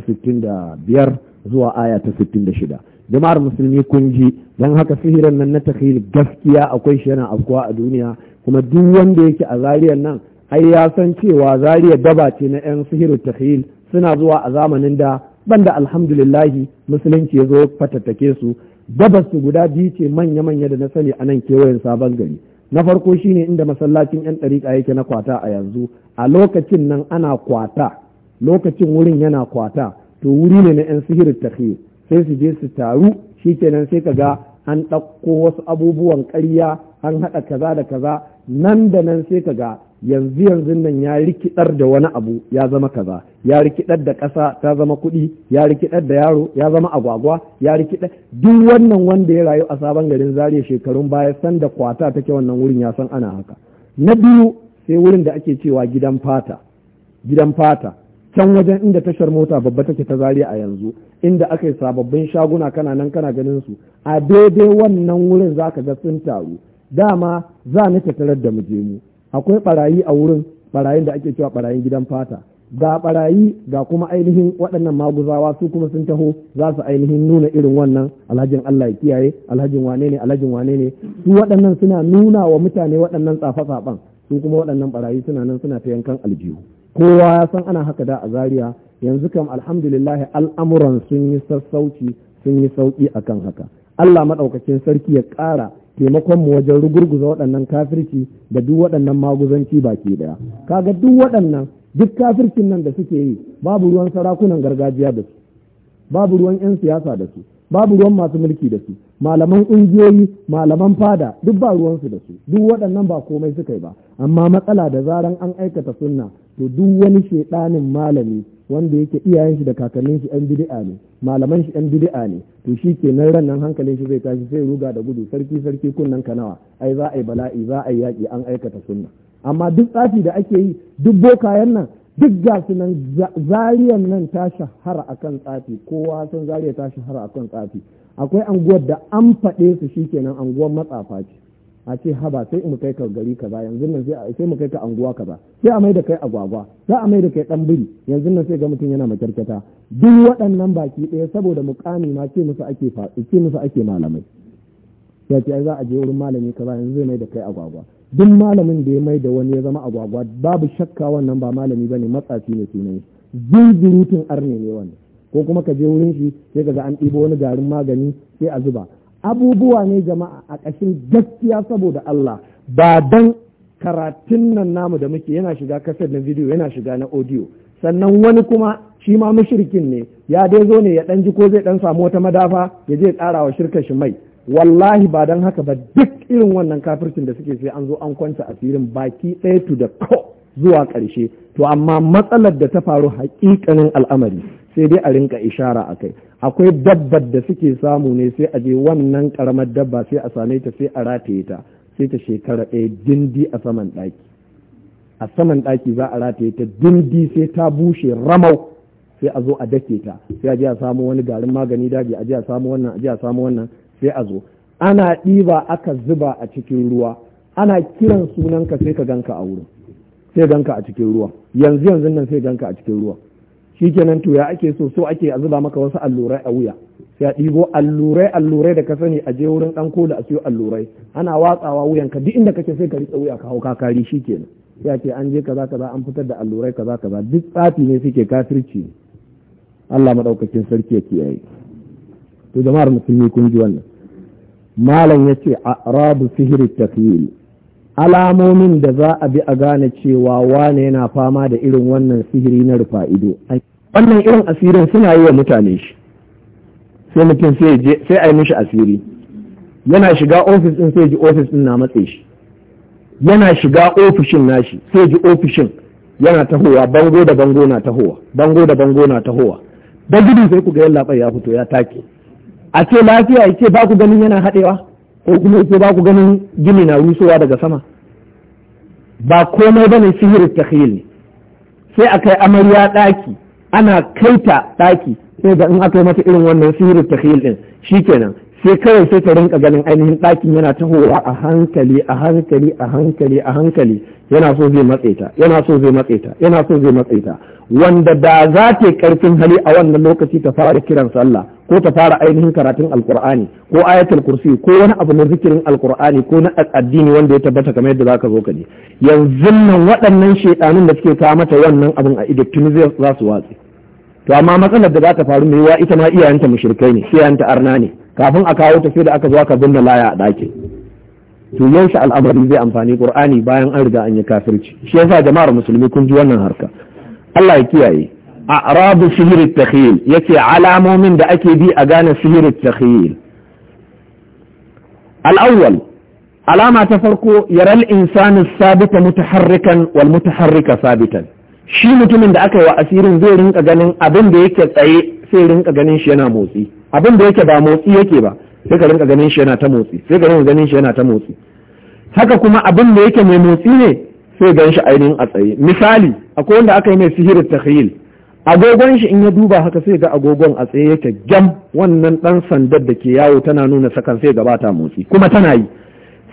biyar zuwa aya ta shida. jama'ar musulmi kun ji don haka sihirin nan na tafiyar gaskiya akwai shi yana afkuwa a duniya kuma duk wanda yake a zariyar nan ai ya san cewa zariyar daba ce na yan sihirin tafiyar suna zuwa a zamanin da banda alhamdulillahi musulunci ya zo fatattake su dabas su guda biyu ce manya-manya da na sani a nan kewayen sabon gari na farko shine inda masallacin yan ɗariƙa yake na kwata a yanzu a lokacin nan ana kwata lokacin wurin yana kwata to wuri ne na yan sihirin tafiyar sai su je su taru shi kenan sai ka ga an ɗauko wasu abubuwan ƙarya an haɗa kaza da kaza nan da nan sai ka ga yanzu yanzu nan ya rikidar da wani abu ya zama kaza ya rikidar da ƙasa ta zama kuɗi ya rikidar da yaro ya zama agwagwa ya rikidar duk wannan wanda ya rayu a sabon garin zariya shekarun baya san da kwata take wannan wurin ya san ana haka na biyu sai wurin da ake cewa gidan fata gidan fata can wajen inda tashar mota babba take ta zariya a yanzu inda aka yi sababbin shaguna kana nan kana ganin su a daidai wannan wurin za ka ga sun taru dama za ni tattarar da muje mu akwai barayi a wurin barayin da ake cewa barayin gidan fata ga barayi ga kuma ainihin waɗannan maguzawa su kuma sun taho za su ainihin nuna irin wannan alhajin Allah ya kiyaye alhajin wane ne alhajin wane ne su waɗannan suna nuna wa mutane waɗannan tsafa-tsafan su kuma waɗannan barayi suna nan suna ta yankan aljihu kowa ya san ana haka da a Zariya, yanzu kam alhamdulillah al'amuran sun yi sassauci sun yi sauki akan haka Allah maɗaukakin sarki ya ƙara taimakon mu wajen rugurguza waɗannan kafirci da duk waɗannan maguzanci baki ɗaya kaga duk waɗannan duk kafircin nan da suke yi babu ruwan sarakunan gargajiya da su babu ruwan 'yan siyasa da su babu ruwan masu mulki da su malaman ƙungiyoyi malaman fada duk ba ruwansu da su duk waɗannan ba komai suka yi ba amma matsala da zaran an aikata sunna to duk wani shaidanin malami wanda yake iyayen shi da kakannin shi yan bid'a ne malaman shi yan bid'a ne to shi kenan ran nan hankalin shi zai tashi sai ruga da gudu sarki sarki kunnan kanawa ai za a yi bala'i za a yi yaƙi an aikata sunna amma duk tsafi da ake yi duk bokayen nan duk ga su nan zariyan nan ta shahara a kan tsafi kowa san zariya ta shahara akan tsafi akwai anguwar da an faɗe su shi kenan anguwar matsafa ce a ce haba sai mu kai ka gari kaza yanzu nan sai mu kai ka anguwa kaza sai a mai da kai agwagwa za a mai da kai dan biri yanzu nan sai ga mutum yana makarkata duk waɗannan baki ɗaya saboda mukami ma ce musu ake ce musu ake malamai ya ce ai za a je wurin malami kaza yanzu zai mai da kai agwagwa duk malamin da ya mai da wani ya zama agwagwa babu shakka wannan ba malami bane matsafi ne sunan zunzurutun arne ne wannan ko kuma ka je wurin shi sai ka ga an ɗibo wani garin magani sai a zuba abubuwa ne jama'a a ƙashin gaskiya saboda Allah ba don karatun nan namu da muke yana shiga kasar na bidiyo yana shiga na audio sannan wani kuma shi ma mushrikin ne ya dai zo ne ya ɗan ji ko zai ɗan samu wata madafa ya je ƙara wa shirka shi mai wallahi ba don haka ba duk irin wannan kafircin da suke sai an zo an kwanta asirin baki ɗaya to da ko zuwa ƙarshe to amma matsalar da ta faru haƙiƙanin al'amari sai dai a rinka ishara a kai akwai dabbar da suke samu ne sai a je wannan karamar dabba sai a same ta sai a rataye ta sai ta shekara ɗaya dindi a saman ɗaki a saman ɗaki za a rataye ta dindi sai ta bushe ramau sai a zo a dake ta sai a je a samu wani garin magani daji a je a samu wannan a je a samu wannan sai a zo ana ɗiba aka zuba a cikin ruwa ana kiran sunanka sai ka ganka a wurin sai ganka a cikin ruwa yanzu yanzu nan sai ganka a cikin ruwa kenan to ya ake so so ake a zuba maka wasu allurai a wuya ya ɗigo allurai allurai da ka sani a je wurin ɗan da a siyo allurai ana watsawa wuyanka duk inda kake sai ka riƙe wuya ka hau kakari shi kenan ya ce an je kaza kaza an fitar da allurai kaza kaza duk tsafi ne suke kafirci Allah madaukakin sarki ya kiyaye to jama'ar musulmi kun ji wannan malam ya ce a rabu sihiri tafiyil alamomin da za a bi a gane cewa wane yana fama da irin wannan sihiri na rufa ido wannan irin asirin suna yi wa mutane shi sai mutum sai je sai a yi mishi asiri yana shiga ofis din sai ji ofis din na matse shi yana shiga ofishin nashi sai ji ofishin yana tahowa bango da bango na tahowa bango da bango na tahowa da gudu sai ku ga yalla ya fito ya take a ce lafiya yake ba ku ganin yana hadewa ko kuma yake ba ku ganin gini na rusowa daga sama ba komai bane sihirin takhil sai akai amarya daki ana kaita ɗaki sai da in aka yi mata irin wannan sihirin ta din kenan sai kawai sai ta rinka ganin ainihin ɗakin yana tahowa a hankali a hankali a hankali a hankali yana so zai matse ta yana so zai matse ta yana so zai matse ta wanda da za ta karfin hali a wannan lokaci ta fara kiran sallah ko ta fara ainihin karatun alkur'ani ko ayatul kursi ko wani abu na zikirin alkur'ani ko na addini wanda ya tabbata kamar yadda zaka zo ka ji yanzu nan waɗannan shedanun da suke kawo mata wannan abin a ido tuni za su watse to amma matsalar da za ta faru mai wa ita ma iyayenta mushrikai ne iyayenta arna ne kafin a kawo ta sai da aka zo aka binne laya a ɗaki to yaushe al'amari zai amfani qur'ani bayan an riga an yi kafirci shi yasa jama'ar musulmi kun ji wannan harka Allah ya kiyaye a'rabu sihiri takhil yace alamomin da ake bi a gane sihiri takhil al-awwal alama ta farko yaral insanu sabita mutaharrikan wal mutaharrika sabitan shi mutumin da aka yi wa asirin zai rinka ganin abin da yake tsaye sai rinka ganin shi yana motsi abin da yake ba motsi yake ba sai ka rinka ganin shi yana ta motsi sai ka rinka ganin shi yana ta motsi haka kuma abin da yake mai motsi ne sai gan shi ainihin a tsaye misali akwai wanda aka yi mai sihirin tahil agogon shi in ya duba haka sai ga agogon a tsaye yake gam wannan dan sandar da ke yawo tana nuna sakan sai gabata motsi kuma tana yi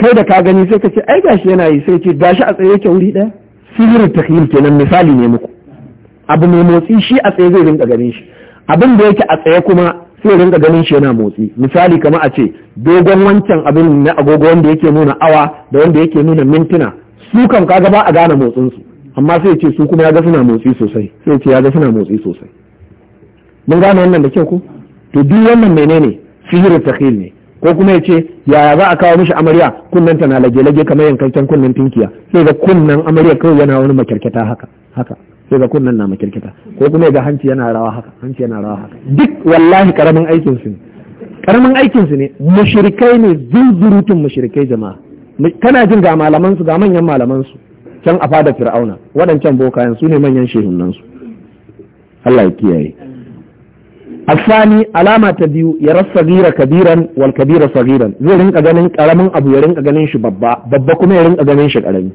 kai da ka gani sai ka ce ai gashi yana yi sai ce gashi a tsaye yake wuri ɗaya? sihirin takhil kenan misali ne muku abu mai motsi shi a tsaye zai rinka ganin shi abin da yake a tsaye kuma sai rinka ganin shi yana motsi misali kamar a ce dogon wancan abin na agogo wanda yake nuna awa da wanda yake nuna mintuna su kan kaga ba a gane motsin su amma sai ce su kuma ya ga suna motsi sosai sai ce ya ga suna motsi sosai mun gane wannan da kyau ko to duk wannan menene sihirin takhil ne ko kuma ya ce yaya za a kawo mishi amarya kunnan ta na lage-lage kamar yankakken kunnen tinkiya sai ga kunnan amarya kawai yana wani makirkita haka haka sai ga kunnan na makirkita. ko kuma ya ga hanci yana rawa haka hanci yana rawa haka duk wallahi karamin aikin su ne karamin aikin su ne mushrikai ne zunzurutun mushrikai jama'a kana jin ga malaman su ga manyan malaman su can a fada fir'auna waɗancan bokayen su ne manyan shehunan su Allah ya kiyaye asani alama ta biyu ya rasa rira kabiran wal kabira sagiran zai rinka ganin karamin abu ya rinka ganin shi babba babba kuma ya rinka ganin shi karami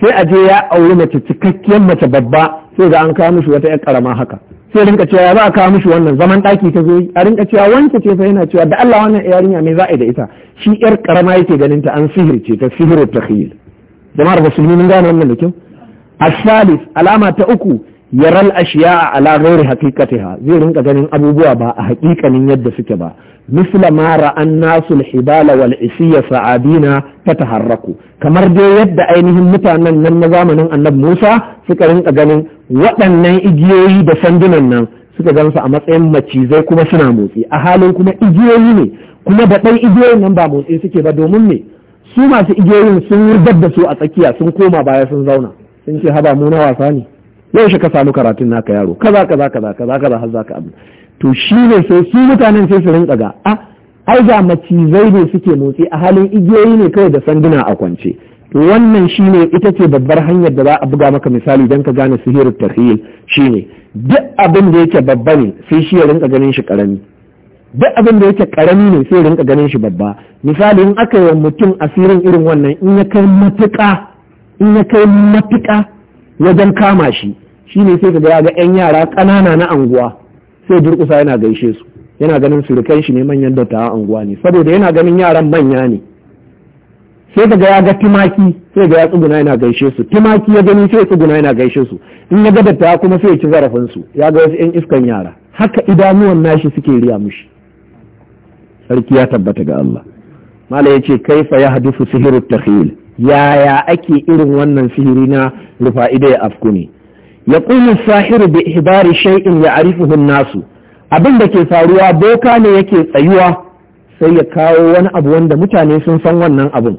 sai a je ya auri mace cikakkiyar mace babba sai ga an kawo mishi wata yar karama haka sai rinka cewa za a kawo mishi wannan zaman daki ta zo a rinka cewa wanke ce fa yana cewa da Allah wannan yarinya me za a yi da ita shi yar karama yake ganin ta an sihirce ta sihiru takhil jama'ar musulmi mun gane wannan da kyau asalis alama ta uku yaral ashiya ala hakikati ha zai rinka ganin abubuwa ba a hakikanin yadda suke ba misla ma ra'an nasul hibala wal isiya sa'adina taharraku kamar dai yadda ainihin mutanen nan na zamanin annabi Musa suka rinka ganin waɗannan igiyoyi da sandunan nan suka gansa a matsayin macizai kuma suna motsi a halin kuma igiyoyi ne kuma da ɗan igiyoyin nan ba motsi suke ba domin me su masu igiyoyin sun wurgar da su a tsakiya sun koma baya sun zauna sun ce haba mu na wasa ne yaushe ka samu karatun naka yaro kaza kaza kaza kaza kaza har zaka abu to shi ne sai su mutanen sai su rinka ga a ah, ai ga macizai ne suke motsi a halin igiyoyi ne kawai da sanduna a kwance to wannan shine ita ce babbar hanyar da za a buga maka misali dan ka gane sihirin tafiyil shine duk abin da yake babba ne sai shi ya rinka ganin shi karami duk abin da yake karami ne sai rinka ganin shi babba misali in aka yi mutum asirin irin wannan in ya kai matuƙa in ya kai matuƙa wajen kama shi ne sai kaga ga yan yara ƙanana na anguwa sai durƙusa yana gaishe su yana ganin surukan shi ne manyan dattawan anguwa ne saboda yana ganin yaran manya ne sai kaga ya ga tumaki sai ga ya tsuguna yana gaishe su tumaki ya gani sai tsuguna yana gaishe su in ya ga dattawa kuma sai ya ci zarafin su ya ga wasu yan iskan yara haka idanuwan nashi suke riya mushi sarki ya tabbata ga Allah mala ya ce kai kaifa ya hadisu sihirin takhil yaya ake irin wannan sihiri na rufaida ya afku ne yaqumu sahiru da ihbari shay'in ya an-nasu abin da ke faruwa boka ne yake tsayuwa sai ya kawo wani abu wanda mutane sun san wannan abin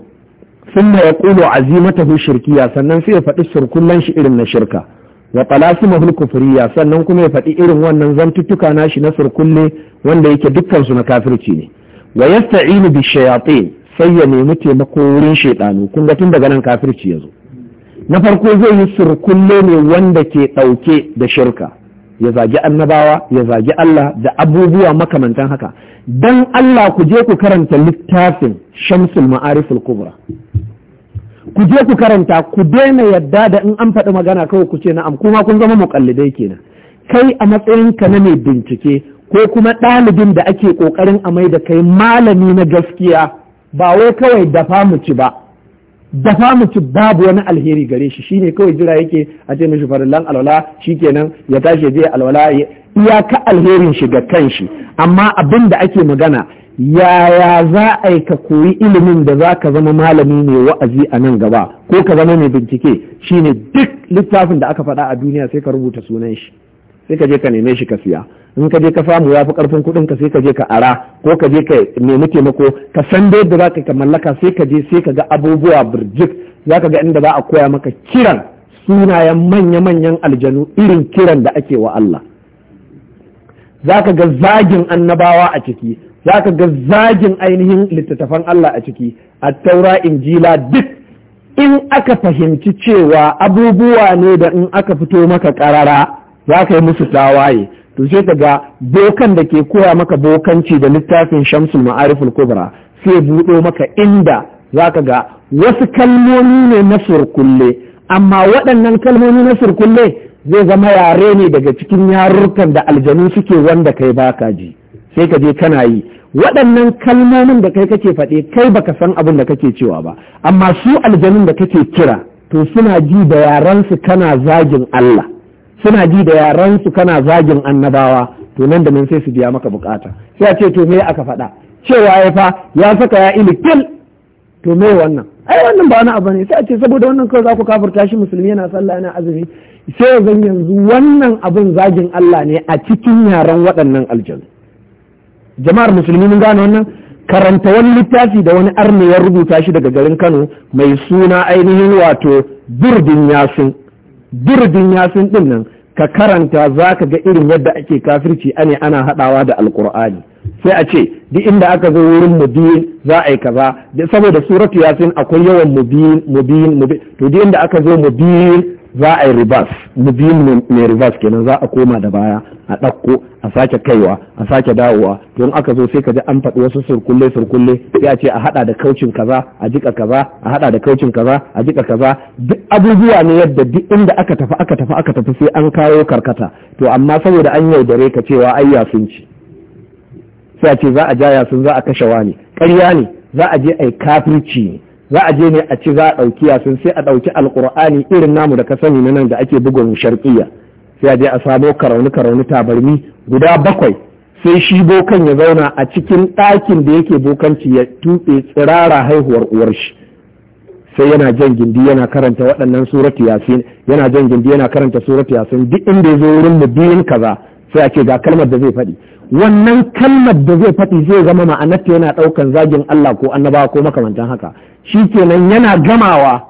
sun ya kulu azimatahu shirkiya sannan sai ya faɗi surkullan shi irin na shirka wa qalasimahul kufriya sannan kuma ya faɗi irin wannan zantuttuka nashi na surkulle wanda yake dukkan su na kafirci ne wa yasta'inu bi shayatin sai ya nemi taimako wurin shaiɗanu, kun ga tun daga nan kafirci ya zo. na farko zai yi surkulle ne wanda ke ɗauke da shirka ya zagi annabawa ya zagi Allah da abubuwa makamantan haka dan Allah ku je ku karanta littafin Shamsul Ma'ariful Kubra ku je ku karanta ku daina yadda da in an faɗi magana kawai ku ce na'am kuma kun zama muƙallidai kenan kai a matsayin ka na mai bincike ko kuma ɗalibin da ake ƙoƙarin a mai da kai malami na gaskiya ba wai kawai dafa mu ci ba dafa mu babu wani alheri gare shi shine kawai jira yake a ce mishi farillan alwala shikenan ya tashi je alwala ya iyaka alherin shi ga kanshi amma abin da ake magana yaya za a yi ka koyi ilimin da za ka zama malami mai wa'azi a nan gaba ko ka zama mai bincike shine duk littafin da aka faɗa a duniya sai ka rubuta sunan shi sai ka je ka neme shi ka siya in ka je ka samu ya fi karfin kuɗin ka sai ka je ka ara ko ka je ka nemi taimako ka san da yadda za ka mallaka sai ka je sai ka ga abubuwa birjik zaka ga inda za a koya maka kiran sunayen manya-manyan aljanu irin kiran da ake wa Allah zaka ga zagin annabawa a ciki zaka ga zagin ainihin littattafan Allah a ciki a taura injila duk in aka fahimci cewa abubuwa ne da in aka fito maka ƙarara za ka yi musu tawaye to sai ka ga bokan da ke koya maka bokanci da littafin shamsul ma'ariful kubra sai buɗo maka inda za ka ga wasu kalmomi ne na surkulle amma waɗannan kalmomi na surkulle zai zama yare ne daga cikin yarurkan da aljanu suke wanda kai baka ji sai ka je kana yi waɗannan kalmomin da kai kake faɗe kai baka san abin da kake cewa ba amma su aljanun da kake kira to suna ji da yarensu kana zagin Allah suna ji da yaran su kana zagin annabawa to nan da nan sai su biya maka bukata sai a ce to me aka faɗa cewa ya fa ya saka ya kil to me wannan ai wannan ba wani abu ne sai a ce saboda wannan kawai za ku kafirta shi musulmi yana sallah yana azumi sai zan yanzu wannan abin zagin Allah ne a cikin yaran waɗannan aljanu jama'ar musulmi mun gane wannan karanta wani littafi da wani arne ya rubuta shi daga garin Kano mai suna ainihin wato Birdin Yasin durbin yasin din nan ka karanta za ka ga irin yadda ake kafirci ane ana haɗawa da alkur'ani sai a ce duk inda aka zo wurin mubiyin za a yi kaza saboda suratu yasin akwai yawan mubiyin mubiyin mubiyin to duk inda aka zo mubiyin za a yi ribas mubiyin mai ribas kenan za a koma da baya a ɗauko a sake kaiwa a sake dawowa don aka zo sai ka ji an faɗi wasu surkulle surkulle sai a ce a haɗa da kaucin kaza a jika kaza a haɗa da kaucin kaza a jika kaza duk abubuwa ne yadda duk inda aka tafi aka tafi aka tafi sai an kawo karkata to amma saboda an yaudare ka cewa ai sun ci sai a ce za a ja sun za a kashe wani ƙarya ne za a je a yi kafirci ne za a je ne a ci za a ɗauki yasin sai a ɗauki alƙur'ani irin namu da ka sani na nan da ake bugun sharƙiya sai a je a samo karauni karauni tabarmi guda bakwai sai shi bokan ya zauna a cikin ɗakin da yake bokanci ya tuɓe tsirara haihuwar uwar shi sai yana jan gindi yana karanta waɗannan surat yasin yana jan gindi yana karanta surat yasin duk inda ya zo wurin mu biyun kaza sai a ce ga kalmar da zai faɗi wannan kalmar da zai faɗi zai zama ma'anarta yana ɗaukan zagin Allah ko annaba ko makamantan haka shi kenan yana gamawa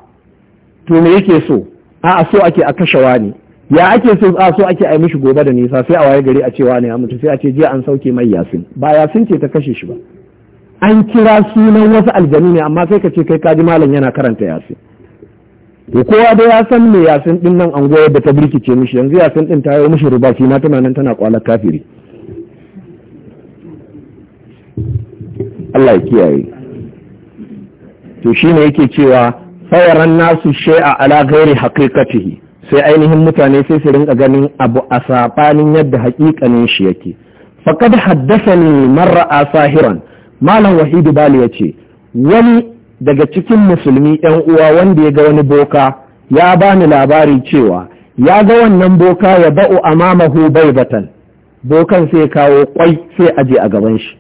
to me yake so a so ake a kashewa ne ya ake so a so ake a yi mishi gobe da nisa sai a waye gari a cewa ne ya mutu sai a ce jiya an sauke mai yasin ba yasin ce ta kashe shi ba an kira sunan wasu aljanu ne amma sai ka ce kai kaji malam yana karanta yasin to kowa da ya san me yasin din nan anguwa da ta birkice mishi yanzu yasin din ta yi mishi rubaci na tana nan tana kwalar kafiri Allah ya kiyaye to shi ne yake cewa fayaran nasu shay'a ala ghairi haqiqatihi sai ainihin mutane sai su rinka ganin abu a saɓanin yadda haƙiƙanin shi yake haddasa haddathani marra sahiran malam wahidu bali ce, wani daga cikin musulmi yan uwa wanda ya ga wani boka ya bani labari cewa ya ga wannan boka ya ba'u amamahu baibatan bokan sai kawo kwai sai aje a gaban shi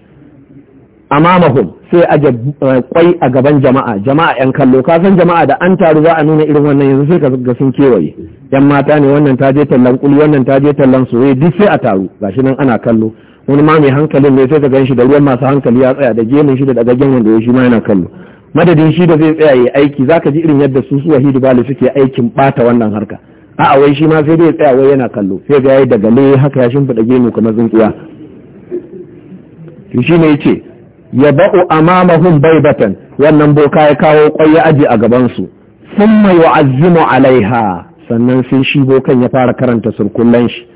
amamahum sai a eh, kwai a gaban jama'a jama'a yan kallo ka san jama'a da an taru za a nuna irin wannan yanzu sai ka ga sun kewaye yan mata ne wannan ta je tallan kuli wannan ta je tallan soye duk sai a taru gashi nan ana kallo wani ma mai hankalin ne sai ka ganshi. da ruwan masu hankali ya tsaya da gemin shi da daga gemin da shi ma yana kallo madadin shi da zai tsaya yayi aiki zaka ji irin yadda su su wahidu bali suke aikin bata wannan harka a'a wai shi ma sai dai tsaya wai yana kallo sai ga yayi daga le haka ya shimfiɗa gemu kamar tsuntsuwa shi ne yace ya ba'u amamahum baibatan wannan boka ya kawo kwai ya aji a gaban gabansu thumma yu'azzimu alaiha sannan sai shi bokan ya fara karanta surkullan shi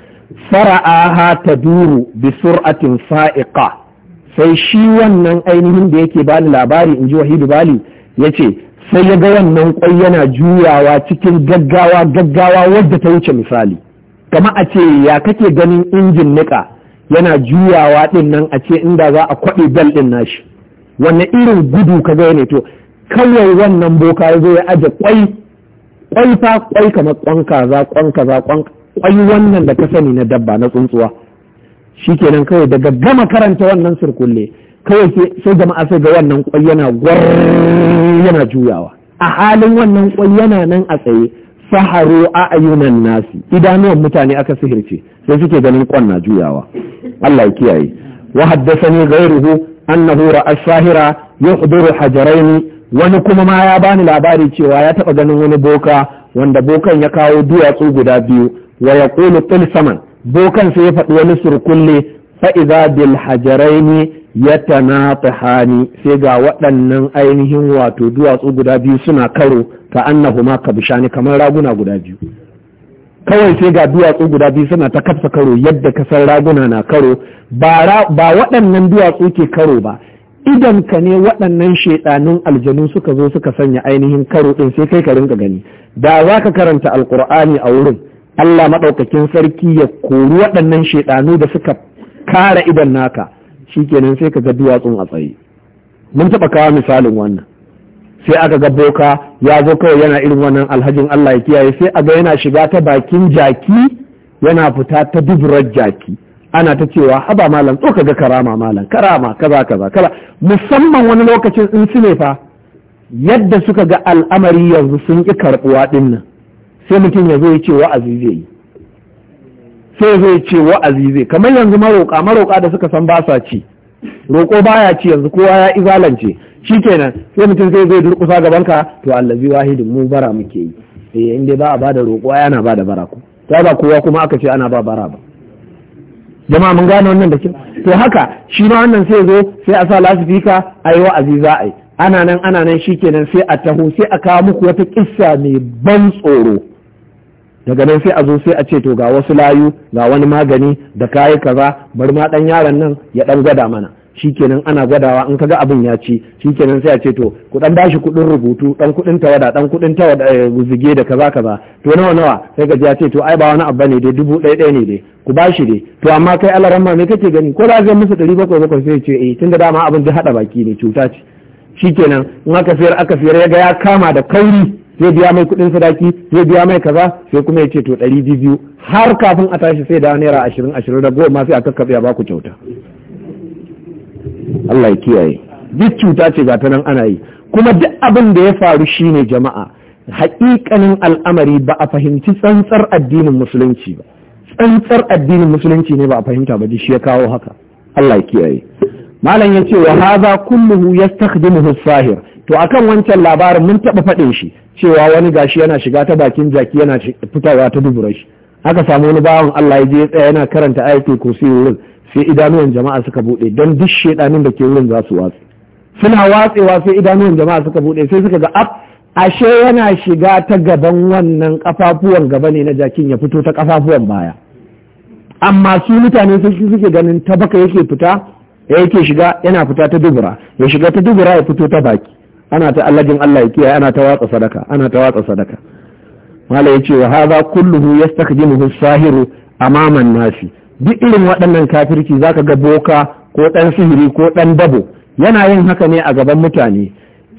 fara'aha taduru bi sur'atin fa'iqa sai shi wannan ainihin da yake bani labari inji wahidu bali yace sai ya ga wannan kwai yana juyawa cikin gaggawa gaggawa wadda ta wuce misali kama a ce ya kake ganin injin niƙa yana juyawa din nan a ce inda za a kwaɗe bel din nashi wanne irin gudu ka ga ne to kawai wannan boka zai ya aje kwai kwai fa kwai kamar kwan kaza kwan kaza kwan kwai wannan da ka sani na dabba na tsuntsuwa shikenan kawai daga gama karanta wannan sirkulle, kawai sai jama'a sai ga wannan kwai yana gwar yana juyawa a halin wannan kwai yana nan a tsaye saharu a ayunan nasi idanuwan mutane aka sihirce sai suke ganin kwanna juyawa Allah ya kiyaye wa na hura annahu ra'a sahira yuhdiru hajaraini wani kuma ma ya bani labari cewa ya taba ganin wani boka wanda bokan ya kawo duwatsu guda biyu wa yaqulu saman bokan sai ya faɗi wani surkulle fa'iza bil hajaraini ya tanatahani sai ga waɗannan ainihin wato duwatsu guda biyu suna karo ka annahuma ka bishani kamar raguna guda biyu kawai sai ga duwatsu guda biyu suna ta kafsa karo yadda ka san raguna na karo ba waɗannan duwatsu ke karo ba idan ka ne waɗannan shaiɗanun aljanu suka zo suka sanya ainihin karo ɗin sai kai ka rinka gani da za ka karanta alkur'ani a wurin Allah maɗaukakin sarki ya kori waɗannan shaiɗanu da suka kara idan naka shikenan sai ka ga duwatsun a tsaye mun taɓa kawo misalin wannan sai aka ga boka ya zo kawai yana irin wannan alhajin Allah ya kiyaye sai a ga yana shiga ta bakin jaki yana fita ta duburar jaki ana ta cewa haba malam to ka ga karama malam karama kaza kaza kala musamman wani lokacin in su ne fa yadda suka ga al'amari yanzu sun ki karɓuwa ɗinnan, sai mutum ya zo ya ce wa'azi zai yi sai zai ce wa'azi zai kamar yanzu maroƙa maroƙa da suka san ba sa ci roƙo baya ci yanzu kowa ya izalance kenan sai mutum sai zai durƙusa gaban ka to allazi wahidin mu bara muke yi eh inda ba a bada roƙo yana bada bara ku ta ba kowa kuma aka ce ana ba bara ba jama'a mun gane wannan da ke to haka shi ma wannan sai zo sai a sa lasifika a yi wa'azi za a yi ana nan ana nan shikenan sai a taho sai a kawo muku wata kissa mai ban tsoro daga nan sai a zo sai a ce to ga wasu layu ga wani magani da kayi kaza bari ma dan yaron nan ya dan gwada mana shikenan ana gwadawa in kaga abin ya ci shikenan sai a ce to ku dan bashi kudin rubutu dan kudin tawada dan kudin tawada eh, zige da kaza kaza to nawa nawa sai ga ya ce to ai ba wani abu ne dai dubu ɗaya ɗaya ne dai ku bashi dai to amma kai alaran ma me kake gani ko da zai musu ɗari bakwai sai ce eh tunda dama abin da hada baki ne cuta ce shikenan in aka fiyar aka fiyar ya ga ya kama da kauri zai biya mai kuɗin sadaki zai biya mai kaza sai kuma ya ce to ɗari biyu har kafin a tashi sai da naira ashirin ashirin da goma sai a kakkaɓe a baku kyauta Allah ya kiyaye duk cuta ce ga ta nan ana yi kuma duk abin da ya faru shine jama'a haƙiƙanin al'amari ba a fahimci tsantsar addinin musulunci ba tsantsar addinin musulunci ne ba a fahimta ba shi ya kawo haka Allah ya kiyaye malam yace wa hadha kulluhu yastakdimuhu sahir to akan wancan labarin mun taɓa faɗe shi cewa wani gashi yana shiga ta bakin jaki yana fitawa ta dubura shi aka samu wani bawan Allah ya je tsaya yana karanta ayatul kursi wurin sai idanuwan jama'a suka buɗe don duk shedanin da ke wurin za su watse suna watsewa sai idanuwan jama'a suka buɗe sai suka ga ab ashe yana shiga ta gaban wannan kafafuwan gaba ne na jakin ya fito ta kafafuwan baya amma su mutane sun suke ganin ta baka yake fita yake shiga yana fita ta dubura ya shiga ta dubura ya fito ta baki ana ta allajin Allah ya kiyaye ana ta watsa sadaka ana ta watsa sadaka mala yace wa hadha kulluhu yastakjimuhu sahiru amaman nasi duk irin waɗannan kafirci zaka ga boka ko dan sihiri ko dan dabo yana yin haka ne a gaban mutane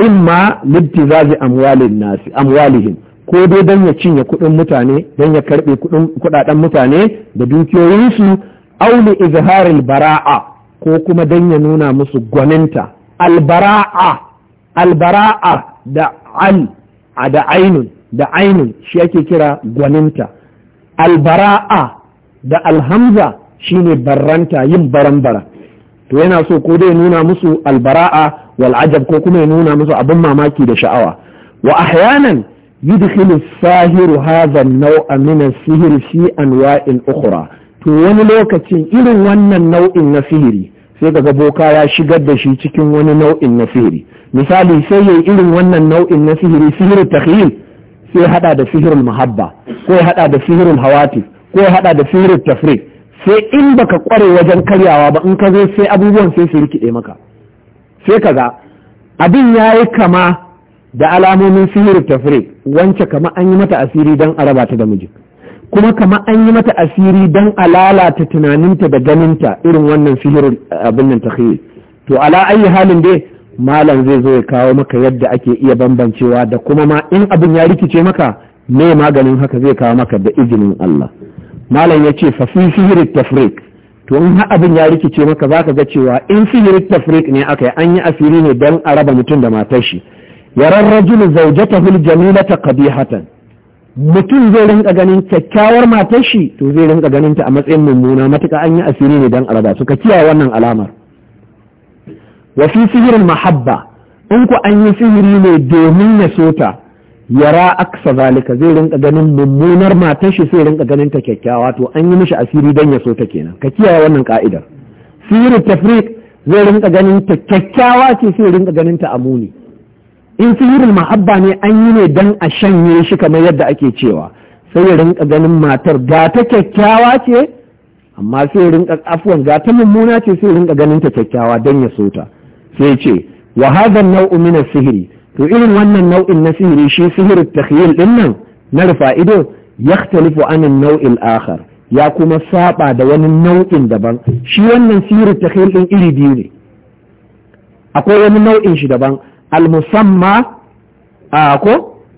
imma libtizazi amwalin nasi amwalihim ko dai dan ya cinye kuɗin mutane dan ya karbe kuɗaɗen mutane da dukiyoyinsu auli izharil bara'a ko kuma dan ya nuna musu gwaninta baraa albara'a da al da ainun da ainun shi ake kira gwaninta albara'a da alhamza shine barranta yin barambara to yana so ko dai nuna musu albara'a wal ajab ko kuma ya nuna musu abin mamaki da sha'awa wa ahyanan يدخل الساهر هذا النوع من السحر في أنواع أخرى to wani lokacin irin wannan nau'in na sihiri sai ga boka ya shigar da shi cikin wani nau'in na sihiri misali sai yayi irin wannan nau'in na sihiri sihirin takhyil sai hada da sihirin muhabba ko ya hada da sihirin hawati ko ya hada da sihiri tafri sai in baka kware wajen karyawa ba in ka zo sai abubuwan sai su rikide maka sai kaga abin yayi kama da alamomin sihiri tafri wance kama an yi mata asiri dan a ta da miji kuma kama an yi mata asiri dan a lalata tunaninta da ganinta irin wannan sihirin abin nan takhyil to ala ayi halin dai malam zai zo ya kawo maka yadda ake iya bambancewa da kuma ma in abin ya rikice maka me maganin haka zai kawo maka da izinin Allah malam ya ce fa fi sihirin tafrik to in ha abin ya rikice maka zaka ga cewa in sihirin tafrik ne aka yi an yi asiri ne don a raba mutum da matar shi yaran rajulu zaujatahu jamilata qabihatan mutum zai rinka ganin kyakkyawar matar shi to zai rinka ganin ta a matsayin mummuna matuka an yi asiri ne don a raba su ka kiyaye wannan alamar wa fi sihirin mahabba in ku an yi sihiri ne domin ya sota yara aksa zalika zai rinka ganin mummunar matar shi sai rinka ganin ta kyakkyawa to an yi mishi asiri dan ya sota kenan ka kiyaye wannan ka'idar sihiri tafriq zai rinka ganin ta kyakkyawa ce sai rinka ganin ta amuni in sihirin mahabba ne an yi ne don a shanye shi kamar yadda ake cewa sai ya rinka ganin matar ga ta kyakkyawa ce amma sai rinka afwan, ga ta mummuna ce sai rinka ganin ta kyakkyawa dan ya sota sai ce wa hadha nau'u min sihiri to irin wannan nau'in na sihiri shi sihiri takhyil din nan na rufa ido yakhtalifu an an akhar ya kuma saba da wani nau'in daban shi wannan sihirin takhyil din iri biyu ne akwai wani nau'in shi daban al-musamma ko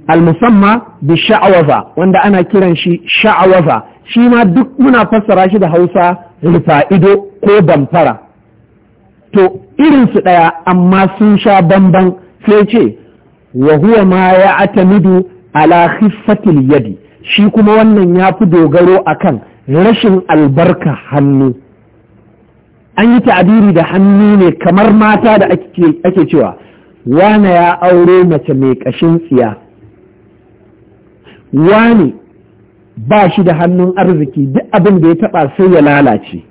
al-musamma bi sha'awaza wanda ana kiran shi sha'awaza shi ma duk muna fassara shi da Hausa rufa ido ko damfara to irinsu ɗaya amma sun sha bamban sai ce wa huwa ma ya atamidu ala khiffatil yadi shi kuma wannan ya fi dogaro akan rashin albarka hannu an yi ta'abiri da hannu ne kamar mata da ake cewa wane ya aure mace mai ƙashin tsiya wane ba shi da hannun arziki duk abin da ya taɓa sai ya lalace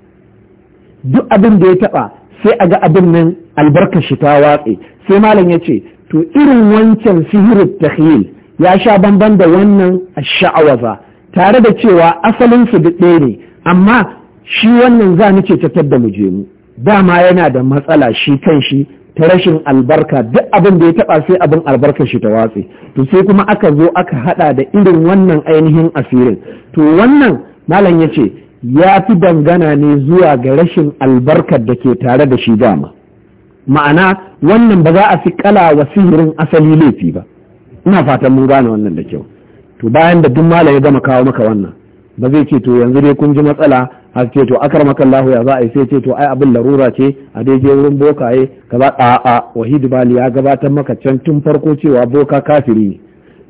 duk abin da ya taɓa sai a ga abin nan albarkar shi ta watse sai malam ya ce to irin wancan sihirin takhil ya sha bamban da wannan sha'awaza tare da cewa asalin su ɗaya ne amma shi wannan za ni ce tattar da mu je mu dama yana da matsala shi kan shi ta rashin albarka duk abin da ya taba sai abin albarkar shi ta watse to sai kuma aka zo aka hada da irin wannan ainihin asirin to wannan malam ya ce ya fi dangana ne zuwa ga rashin albarkar da ke tare da shi dama ma'ana wannan ba za a fi kala wa sihirin asali laifi ba ina fatan mun gane wannan da kyau to bayan da duk malam ya gama kawo maka wannan ba zai ce to yanzu dai kun ji matsala a ce to akar maka Allah ya za a yi sai ce to ai abin larura ce a dai je wurin bokaye kaza a a wahid bali ya gabatar maka can tun farko cewa boka kafiri ne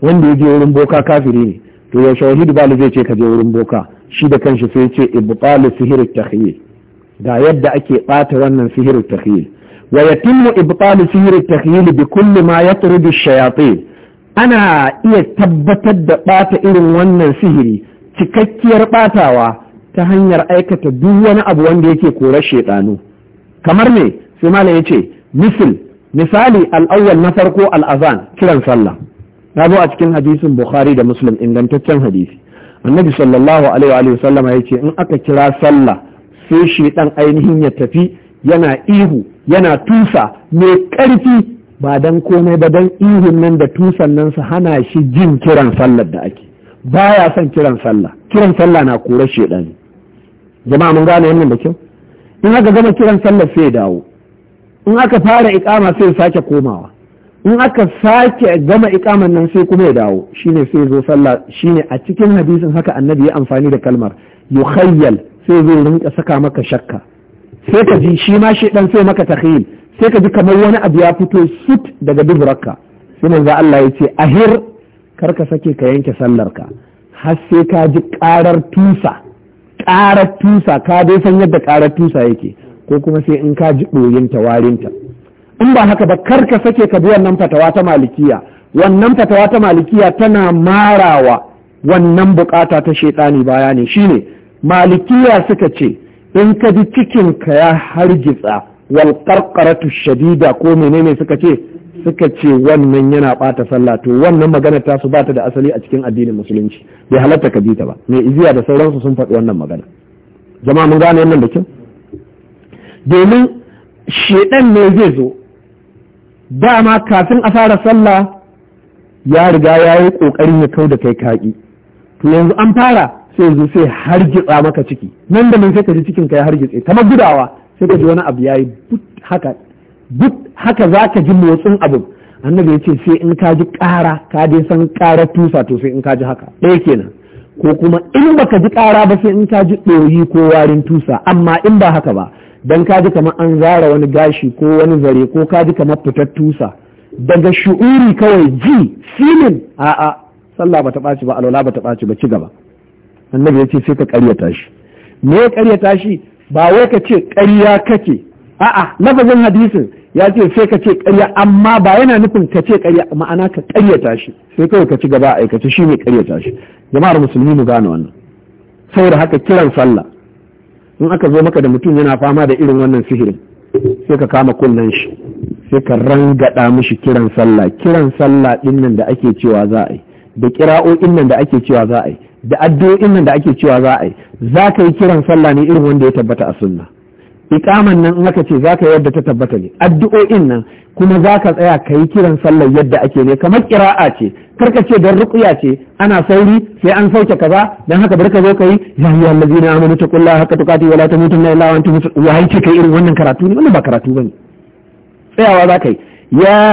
wanda ya je wurin boka kafiri ne to ya shahidu balu zai ce ka je wurin boka shi da kanshi sai ce ibtalu sihir takhyil ga yadda ake bata wannan sihir takhyil wa yatimmu ibtalu sihir takhyil bi kulli ma yatrudu ash-shayatin ana iya tabbatar da bata irin wannan sihiri cikakkiyar batawa ta hanyar aikata duk wani abu wanda yake korar shedanu kamar me sai malam yace misal misali al-awwal na farko al-azan kiran sallah Na zo a cikin hadisin bukhari da muslim ingantaccen hadisi annabi sallallahu alaihi wa sallama ya ce in aka kira sallah sai shi dan ainihin ya tafi yana ihu yana tusa mai karfi ba dan komai ba dan ihun nan da tusan nan su hana shi jin kiran sallar da ake baya son kiran sallah kiran sallah na kore shedani jama'a mun gane wannan da kyau in aka gama kiran sallar sai ya dawo in aka fara ikama sai sake komawa in aka sake gama ikaman nan sai kuma ya dawo shine sai zo sallah shine a cikin hadisin haka annabi ya amfani da kalmar yukhayyal sai zo rinka saka maka shakka sai ka ji shi ma shi dan sai maka takhil sai ka ji kamar wani abu ya fito sut daga rakka. sai manzo Allah ya ce ahir kar ka sake ka yanke sallarka har sai ka ji karar tusa karar tusa ka dai san yadda karar tusa yake ko kuma sai in ka ji ɗoyinta warinta in ba haka ba kar ka sake ka bi wannan fatawa ta malikiya wannan fatawa ta malikiya tana marawa wannan bukata ta shaitani baya ne shi ne malikiya suka ce in ka bi cikin ka ya hargitsa wal shadida ko menene suka ce suka ce wannan yana bata sallah to wannan magana ta su bata da asali a cikin addinin musulunci bai halatta ka bi ta ba mai iziya da sauransu sun faɗi wannan magana jama'a mun gane wannan da kyau domin shedan ne zai zo dama kafin a fara sallah ya riga ya yi ƙoƙarin ya kau da kai kaƙi to yanzu an fara sai yanzu sai hargitsa maka ciki nan da nan sai ka ji cikin ka ya hargitse kamar gudawa sai ka ji wani abu ya yi haka duk haka za ka ji motsin abu annabi ya ce sai in ka ji ƙara ka dai san ƙara tusa to sai in ka ji haka ɗaya kenan ko kuma in baka ji ƙara ba sai in ka ji ɗoyi ko warin tusa amma in ba haka ba dan kaji ji kamar an zara wani gashi ko wani zare ko kaji ji kamar fitar tusa daga shu'uri kawai ji filin a'a sallah bata ɓaci ba alwala bata ɓaci ba ci gaba annabi ya ce sai ka ƙaryata shi me ya ƙaryata shi ba wai ka ce ƙarya kake a'a lafazin hadisin ya ce sai ka ce ƙarya amma ba yana nufin ka ce ƙarya ma'ana ka ƙaryata shi sai kawai ka ci gaba a aikace shi ne ƙaryata shi jama'ar musulmi mu gane wannan saboda haka kiran sallah in aka zo maka da mutum yana fama da irin wannan sihirin sai ka kama kunnen shi sai ka rangada mishi kiran sallah kiran sallah din nan da ake cewa za a yi da kira'o'in nan da ake cewa za a yi da addu'o'in nan da ake cewa za a yi za ka yi kiran sallah ne irin wanda ya tabbata a sunna iƙaman nan in aka ce za ka yadda ta tabbata ne addu'o'in nan kuma za ka tsaya ka yi kiran sallar yadda ake ne kamar ƙira'a ce karka ce don rukuya ce ana sauri sai an sauke kaza dan haka bari ka zo ka yi ya yi allazina amanu taqullaha haqqa tuqati wala tamutunna illa wa antum muslimun wai ce kai irin wannan karatu ne wannan ba karatu ne. tsayawa za ka yi يا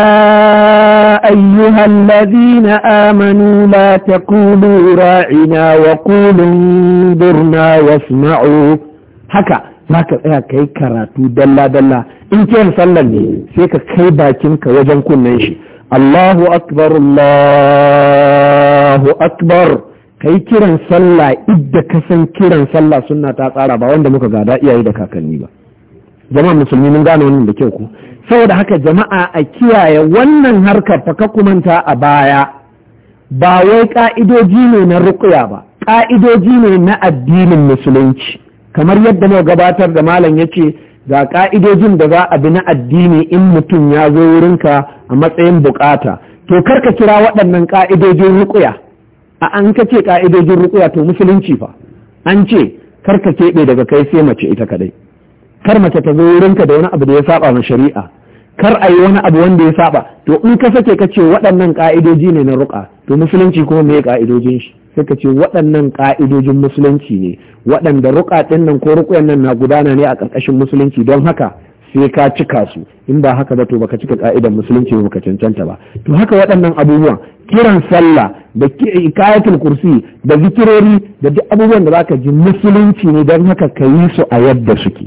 أيها الذين آمنوا لا تقولوا راعنا وقولوا انظرنا واسمعوا haka za ka tsaya ka yi karatu dalla-dalla in kiran sallar ne sai ka kai bakinka wajen kunnen shi Allahu akbar Allahu akbar ka yi kiran sallah idda ka san kiran sallah suna ta tsara ba wanda muka gada iyaye da kakanni ba jama'a musulmi mun gane wannan da kyau ku saboda haka jama'a a kiyaye wannan harkar fa ka kumanta a baya ba wai ka'idoji ne na ruqya ba ka'idoji ne na addinin musulunci kamar yadda mai gabatar da malam ya ce ga ka'idojin da za a bi na addini in mutum ya zo wurinka a matsayin bukata to karka kira waɗannan ka'idojin rukuya a an ka ce ka'idojin rukuya to musulunci fa an ce karka keɓe daga kai sai mace ita kadai kar mace ta zo wurinka da wani abu da ya saba ma shari'a kar a yi wani abu wanda ya saba to in ka sake ka ce waɗannan ƙa'idoji ne na ruƙa to musulunci kuma me ƙa'idojin shi sai ka ce waɗannan ƙa'idojin musulunci ne waɗanda ruƙa ɗin nan ko ruƙuyan nan na gudana ne a ƙarƙashin musulunci don haka sai ka cika su in ba haka ba to baka cika ƙa'idan musulunci ba baka cancanta ba to haka waɗannan abubuwan kiran sallah da kayatul kursi da zikirori da duk abubuwan da zaka ji musulunci ne don haka ka yi su a yadda suke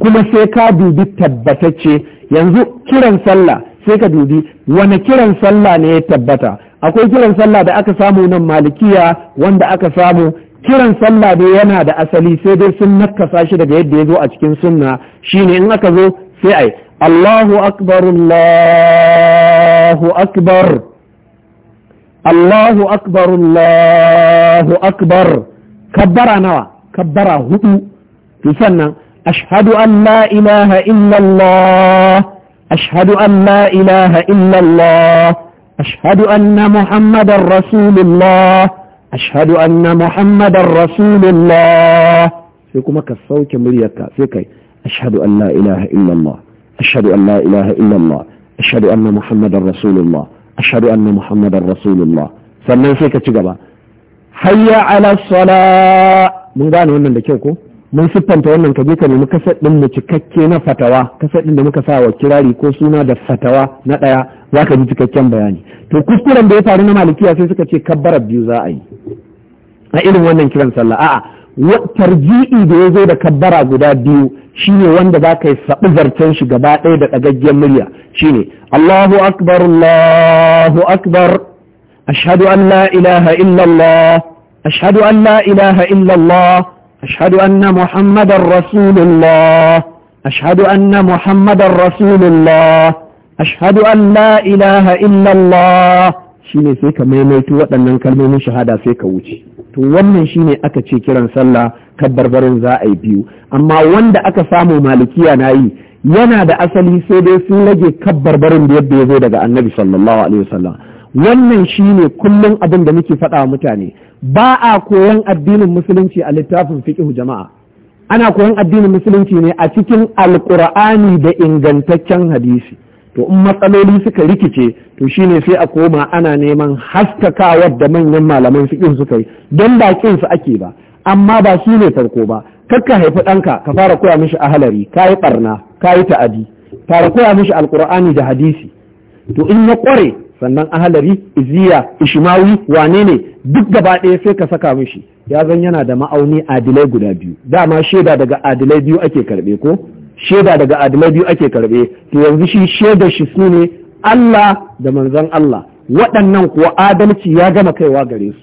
kuma sai ka dubi tabbatacce yanzu kiran sallah sai ka dubi wani kiran sallah ne ya tabbata akwai kiran sallah da aka samu nan malikiya wanda aka samu kiran sallah ne yana da asali sai dai sun nakasa shi daga yadda ya zo a cikin sunna shine in aka zo sai ai Allahu akbar Allahu akbar Allahu akbar Allahu akbar kabbara nawa kabbara hudu to sannan أشهد أن لا إله إلا الله أشهد أن لا إله إلا الله أشهد أن محمد رسول الله أشهد أن محمد رسول الله فيكم كالصوت مريكا فيك أشهد أن لا إله إلا الله أشهد أن لا إله إلا الله أشهد أن محمد رسول الله أشهد أن محمد رسول الله sannan فيك تجبا هيا على الصلاة من sala mun gane mun siffanta wannan ka je ka nemi kasad din mu cikakke na fatawa kasad din da muka sa wa kirari ko suna da fatawa na daya zaka ji cikakken bayani to kuskuren da ya faru na malikiya sai suka ce kabbarar biyu za a yi a irin wannan kiran sallah a'a tarji'i da ya zo da kabbara guda biyu shine wanda za ka yi saɓi zarcen shi gaba ɗaya da ɗagaggen murya shine Allahu akbar Allahu akbar ashhadu an la ilaha illallah ashhadu an la ilaha illallah أشهد أن محمد رسول الله أشهد أن محمد رسول الله أشهد أن لا إله إلا الله sai ka maimaito waɗannan kalmomin shahada sai ka wuce to wannan shine aka ce kiran sallah kabbarbarin za a yi biyu amma wanda aka samu malikiya na yi yana da asali sai dai sun rage kabbarbarin da yadda ya zo daga annabi sallallahu alaihi wasallam wannan shine kullum abin da muke faɗa mutane ba a koyan addinin musulunci a littafin fiƙihu jama'a ana koyan addinin musulunci ne a cikin alkur'ani da ingantaccen hadisi to in matsaloli suka rikice to shine sai a koma ana neman haskakawar da manyan malaman fiqh suka yi don ba su ake ba amma ba shi ne farko ba kakka haifi ɗanka ka fara koya mishi a ahalari kayi barna kayi ta'adi fara koya mishi alkur'ani da hadisi to in ya kware sannan ahalari iziya ishimawi wane ne duk gaba ɗaya sai ka saka mishi ya zan yana da ma'auni adilai guda biyu dama shaida daga adilai biyu ake karɓe ko shaida daga adilai biyu ake karɓe to yanzu shi shaida shi su ne Allah da manzon Allah waɗannan kuwa adalci ya gama kaiwa gare su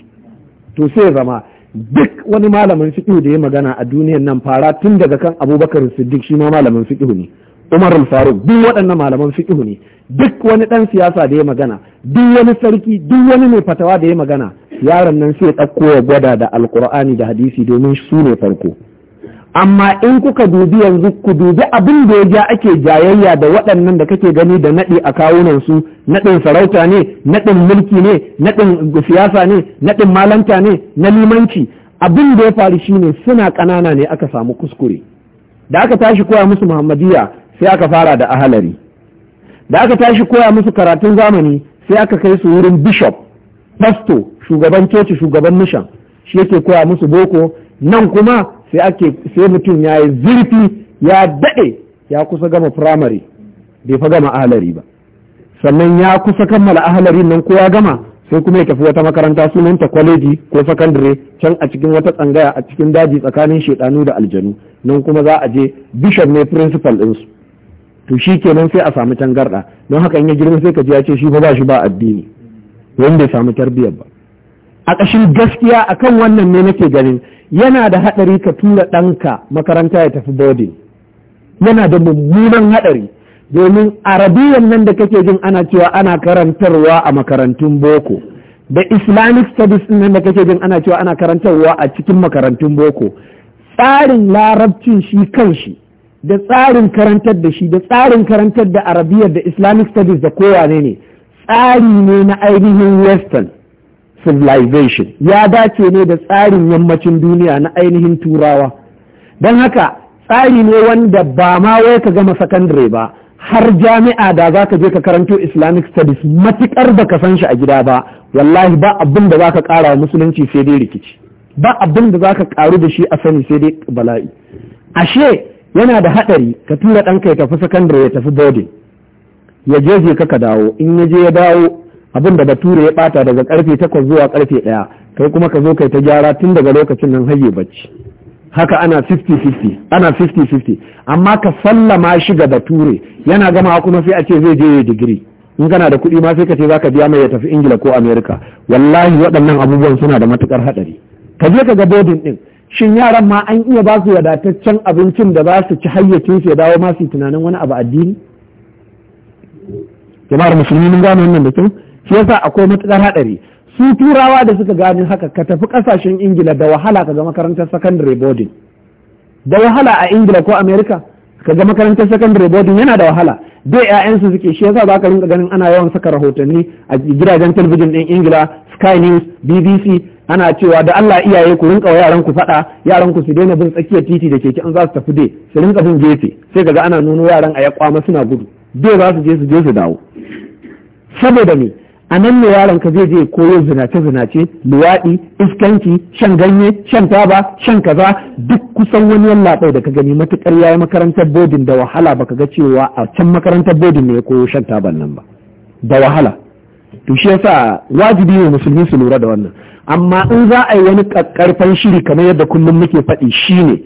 to sai zama duk wani malamin fiqh da ya magana a duniyar nan fara tun daga kan Abubakar Siddiq shi ma malamin fiqh ne Umar faruk duk waɗannan malaman fiƙihu ne duk wani ɗan siyasa da ya magana duk wani sarki duk wani mai fatawa da ya magana yaron nan sai ɗauko ya gwada da alkur'ani da hadisi domin su ne farko amma in kuka dubi yanzu ku dubi abin da ya ja ake jayayya da waɗannan da kake gani da naɗi a kawunan su naɗin sarauta ne naɗin mulki ne naɗin siyasa ne naɗin malanta ne na limanci abin da ya faru shine suna ƙanana ne aka samu kuskure da aka tashi koya musu muhammadiyya. sai aka fara da ahalari da aka tashi koya musu karatun zamani sai aka kai su wurin bishop pasto shugaban coci shugaban mishan shi yake koya musu boko nan kuma sai ake sai mutum ya yi zurfi ya daɗe ya kusa gama firamare bai fa gama ahalari ba sannan ya kusa kammala ahalarin nan ko ya gama sai kuma ya tafi wata makaranta sunanta kwaleji ko sakandare can a cikin wata tsangaya a cikin daji tsakanin shedanu da aljanu nan kuma za a je bishop ne principal ɗinsu to shi kenan sai a samu tangarɗa don haka in ya girma sai ka ji ya ce shi ba shi ba addini wanda ya samu tarbiyyar ba a ƙashin gaskiya akan wannan ne nake ganin yana da haɗari ka tura ɗanka makaranta ya tafi bodin yana da mummunan haɗari domin arabiyan nan da kake jin ana cewa ana karantarwa a makarantun boko da islamic studies nan da kake jin ana cewa ana karantarwa a cikin makarantun boko tsarin larabcin shi kan shi da tsarin karantar da shi da tsarin karantar da arabiyar da islamic studies da kowane ne tsari ne na ainihin western civilization ya dace ne da tsarin yammacin duniya na ainihin turawa don haka tsari ne wanda ba ma wai ka gama sakandare ba har jami'a da za ka je ka karanto islamic studies matukar da ka san shi a gida ba wallahi ba abin da za ka kara wa musulunci sai dai rikici ba abin da za ka karu da shi a sani sai dai bala'i ashe yana da haɗari ka tura ɗanka ya tafi sakandare ya tafi boarding ya je ka ka dawo in ya je ya dawo abin da bature ya bata daga karfe takwas zuwa karfe ɗaya kai kuma ka zo kai ta gyara tun daga lokacin nan hayye bacci haka ana 50-50 ana 50-50 amma ka sallama shi ga bature yana gama kuma sai a ce zai je ya digiri in kana da kuɗi ma sai ka ce za ka biya mai ya tafi ingila ko amerika wallahi waɗannan abubuwan suna da matukar haɗari ka je ka ga bodin ɗin shin yaran ma an iya ba su wadataccen abincin da za su ci hayyacin su ya dawo ma su tunanin wani abu addini jama'ar musulmi mun gano wannan da kyau shi yasa akwai matukar hadari su turawa da suka gane haka ka tafi kasashen ingila da wahala ka ga makarantar secondary boarding da wahala a ingila ko Amerika ka ga makarantar secondary boarding yana da wahala dai 'ya'yansu suke shi yasa za ka rinka ganin ana yawan saka rahotanni a gidajen talabijin ɗin ingila sky news bbc ana cewa da Allah iyaye ku rinka wa yaran ku faɗa yaran ku su daina bin tsakiyar titi da keke an za su tafi dai su rinka bin gefe sai kaga ana nuno yaran a ya kwama suna gudu dai za su je su je su dawo saboda me a nan ne yaron ka zai je koyo zinace zinace luwaɗi iskanci shan ganye shan taba shan kaza duk kusan wani yallaɓai da ka gani matukar yayi makarantar bodin da wahala baka ga cewa a can makarantar bodin ne ya koyo shan taban nan ba da wahala to shi yasa wajibi ne musulmi su lura da wannan amma in za a yi wani karfan shiri kamar yadda kullum muke faɗi shi ne,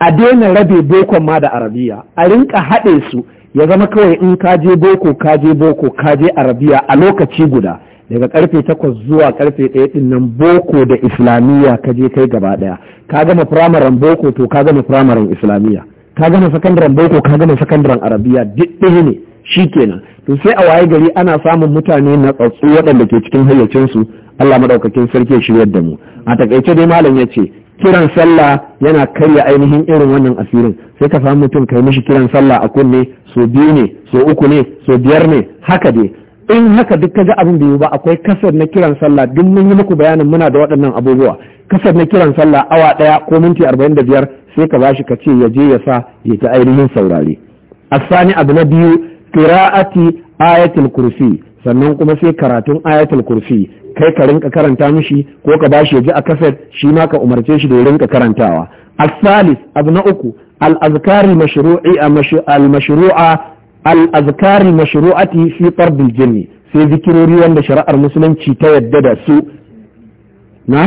a daina rabe bokon ma da arabiya a rinka haɗe su ya zama kawai in ka je boko ka je boko ka je arabiya a lokaci guda daga karfe takwas zuwa karfe ɗaya ɗin nan boko da islamiyya ka je kai gaba ɗaya ka gama firamaren boko to ka gama firamaren islamiyya ka gama sakandaren boko ka gama sakandaren arabiya duk ɗaya ne shi kenan to sai a waye gari ana samun mutane na tsatsu waɗanda ke cikin hayyacinsu Allah madaukakin sarki shi shiryar da mu a takaice dai malam ya ce kiran sallah yana karya ainihin irin wannan asirin sai ka samu mutum kai mishi kiran sallah a kunne so biyu ne so uku ne so biyar ne haka dai in haka duk kaga abin da yi ba akwai kasar na kiran sallah duk mun yi muku bayanin muna da waɗannan abubuwa kasar na kiran sallah awa ɗaya ko minti arba'in da biyar sai ka bashi ka ce ya je ya sa ya ta ainihin saurare asani abu na biyu qira'ati ayatul kursi sannan kuma sai karatun ayatul kursi kai ka rinka karanta mishi ko ka bashi ya ji a kaset shi ma ka umarce shi da ya rinka karantawa as-salis abu na uku al-azkari mashru'i al-mashru'a al-azkari mashru'ati fi jinni sai zikirori wanda shari'ar musulunci ta yadda da su na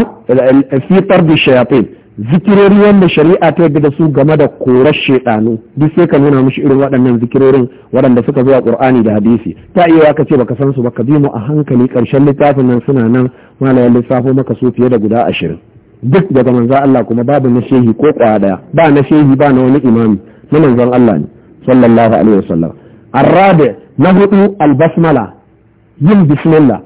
fi fardil shayatin zikirori wanda shari'a ta yarda da su game da korar shaidanu duk sai ka nuna mishi irin waɗannan zikirorin waɗanda suka zo a ƙur'ani da hadisi ta iya ka ce baka san su baka bi mu a hankali ƙarshen littafin nan suna nan malayan lissafo maka su fiye da guda ashirin duk daga manzo Allah kuma babu na shehi ko kwaya daya ba na shehi ba na wani imami na manzon Allah ne sallallahu alaihi wasallam arrabi na hudu albasmala yin bismillah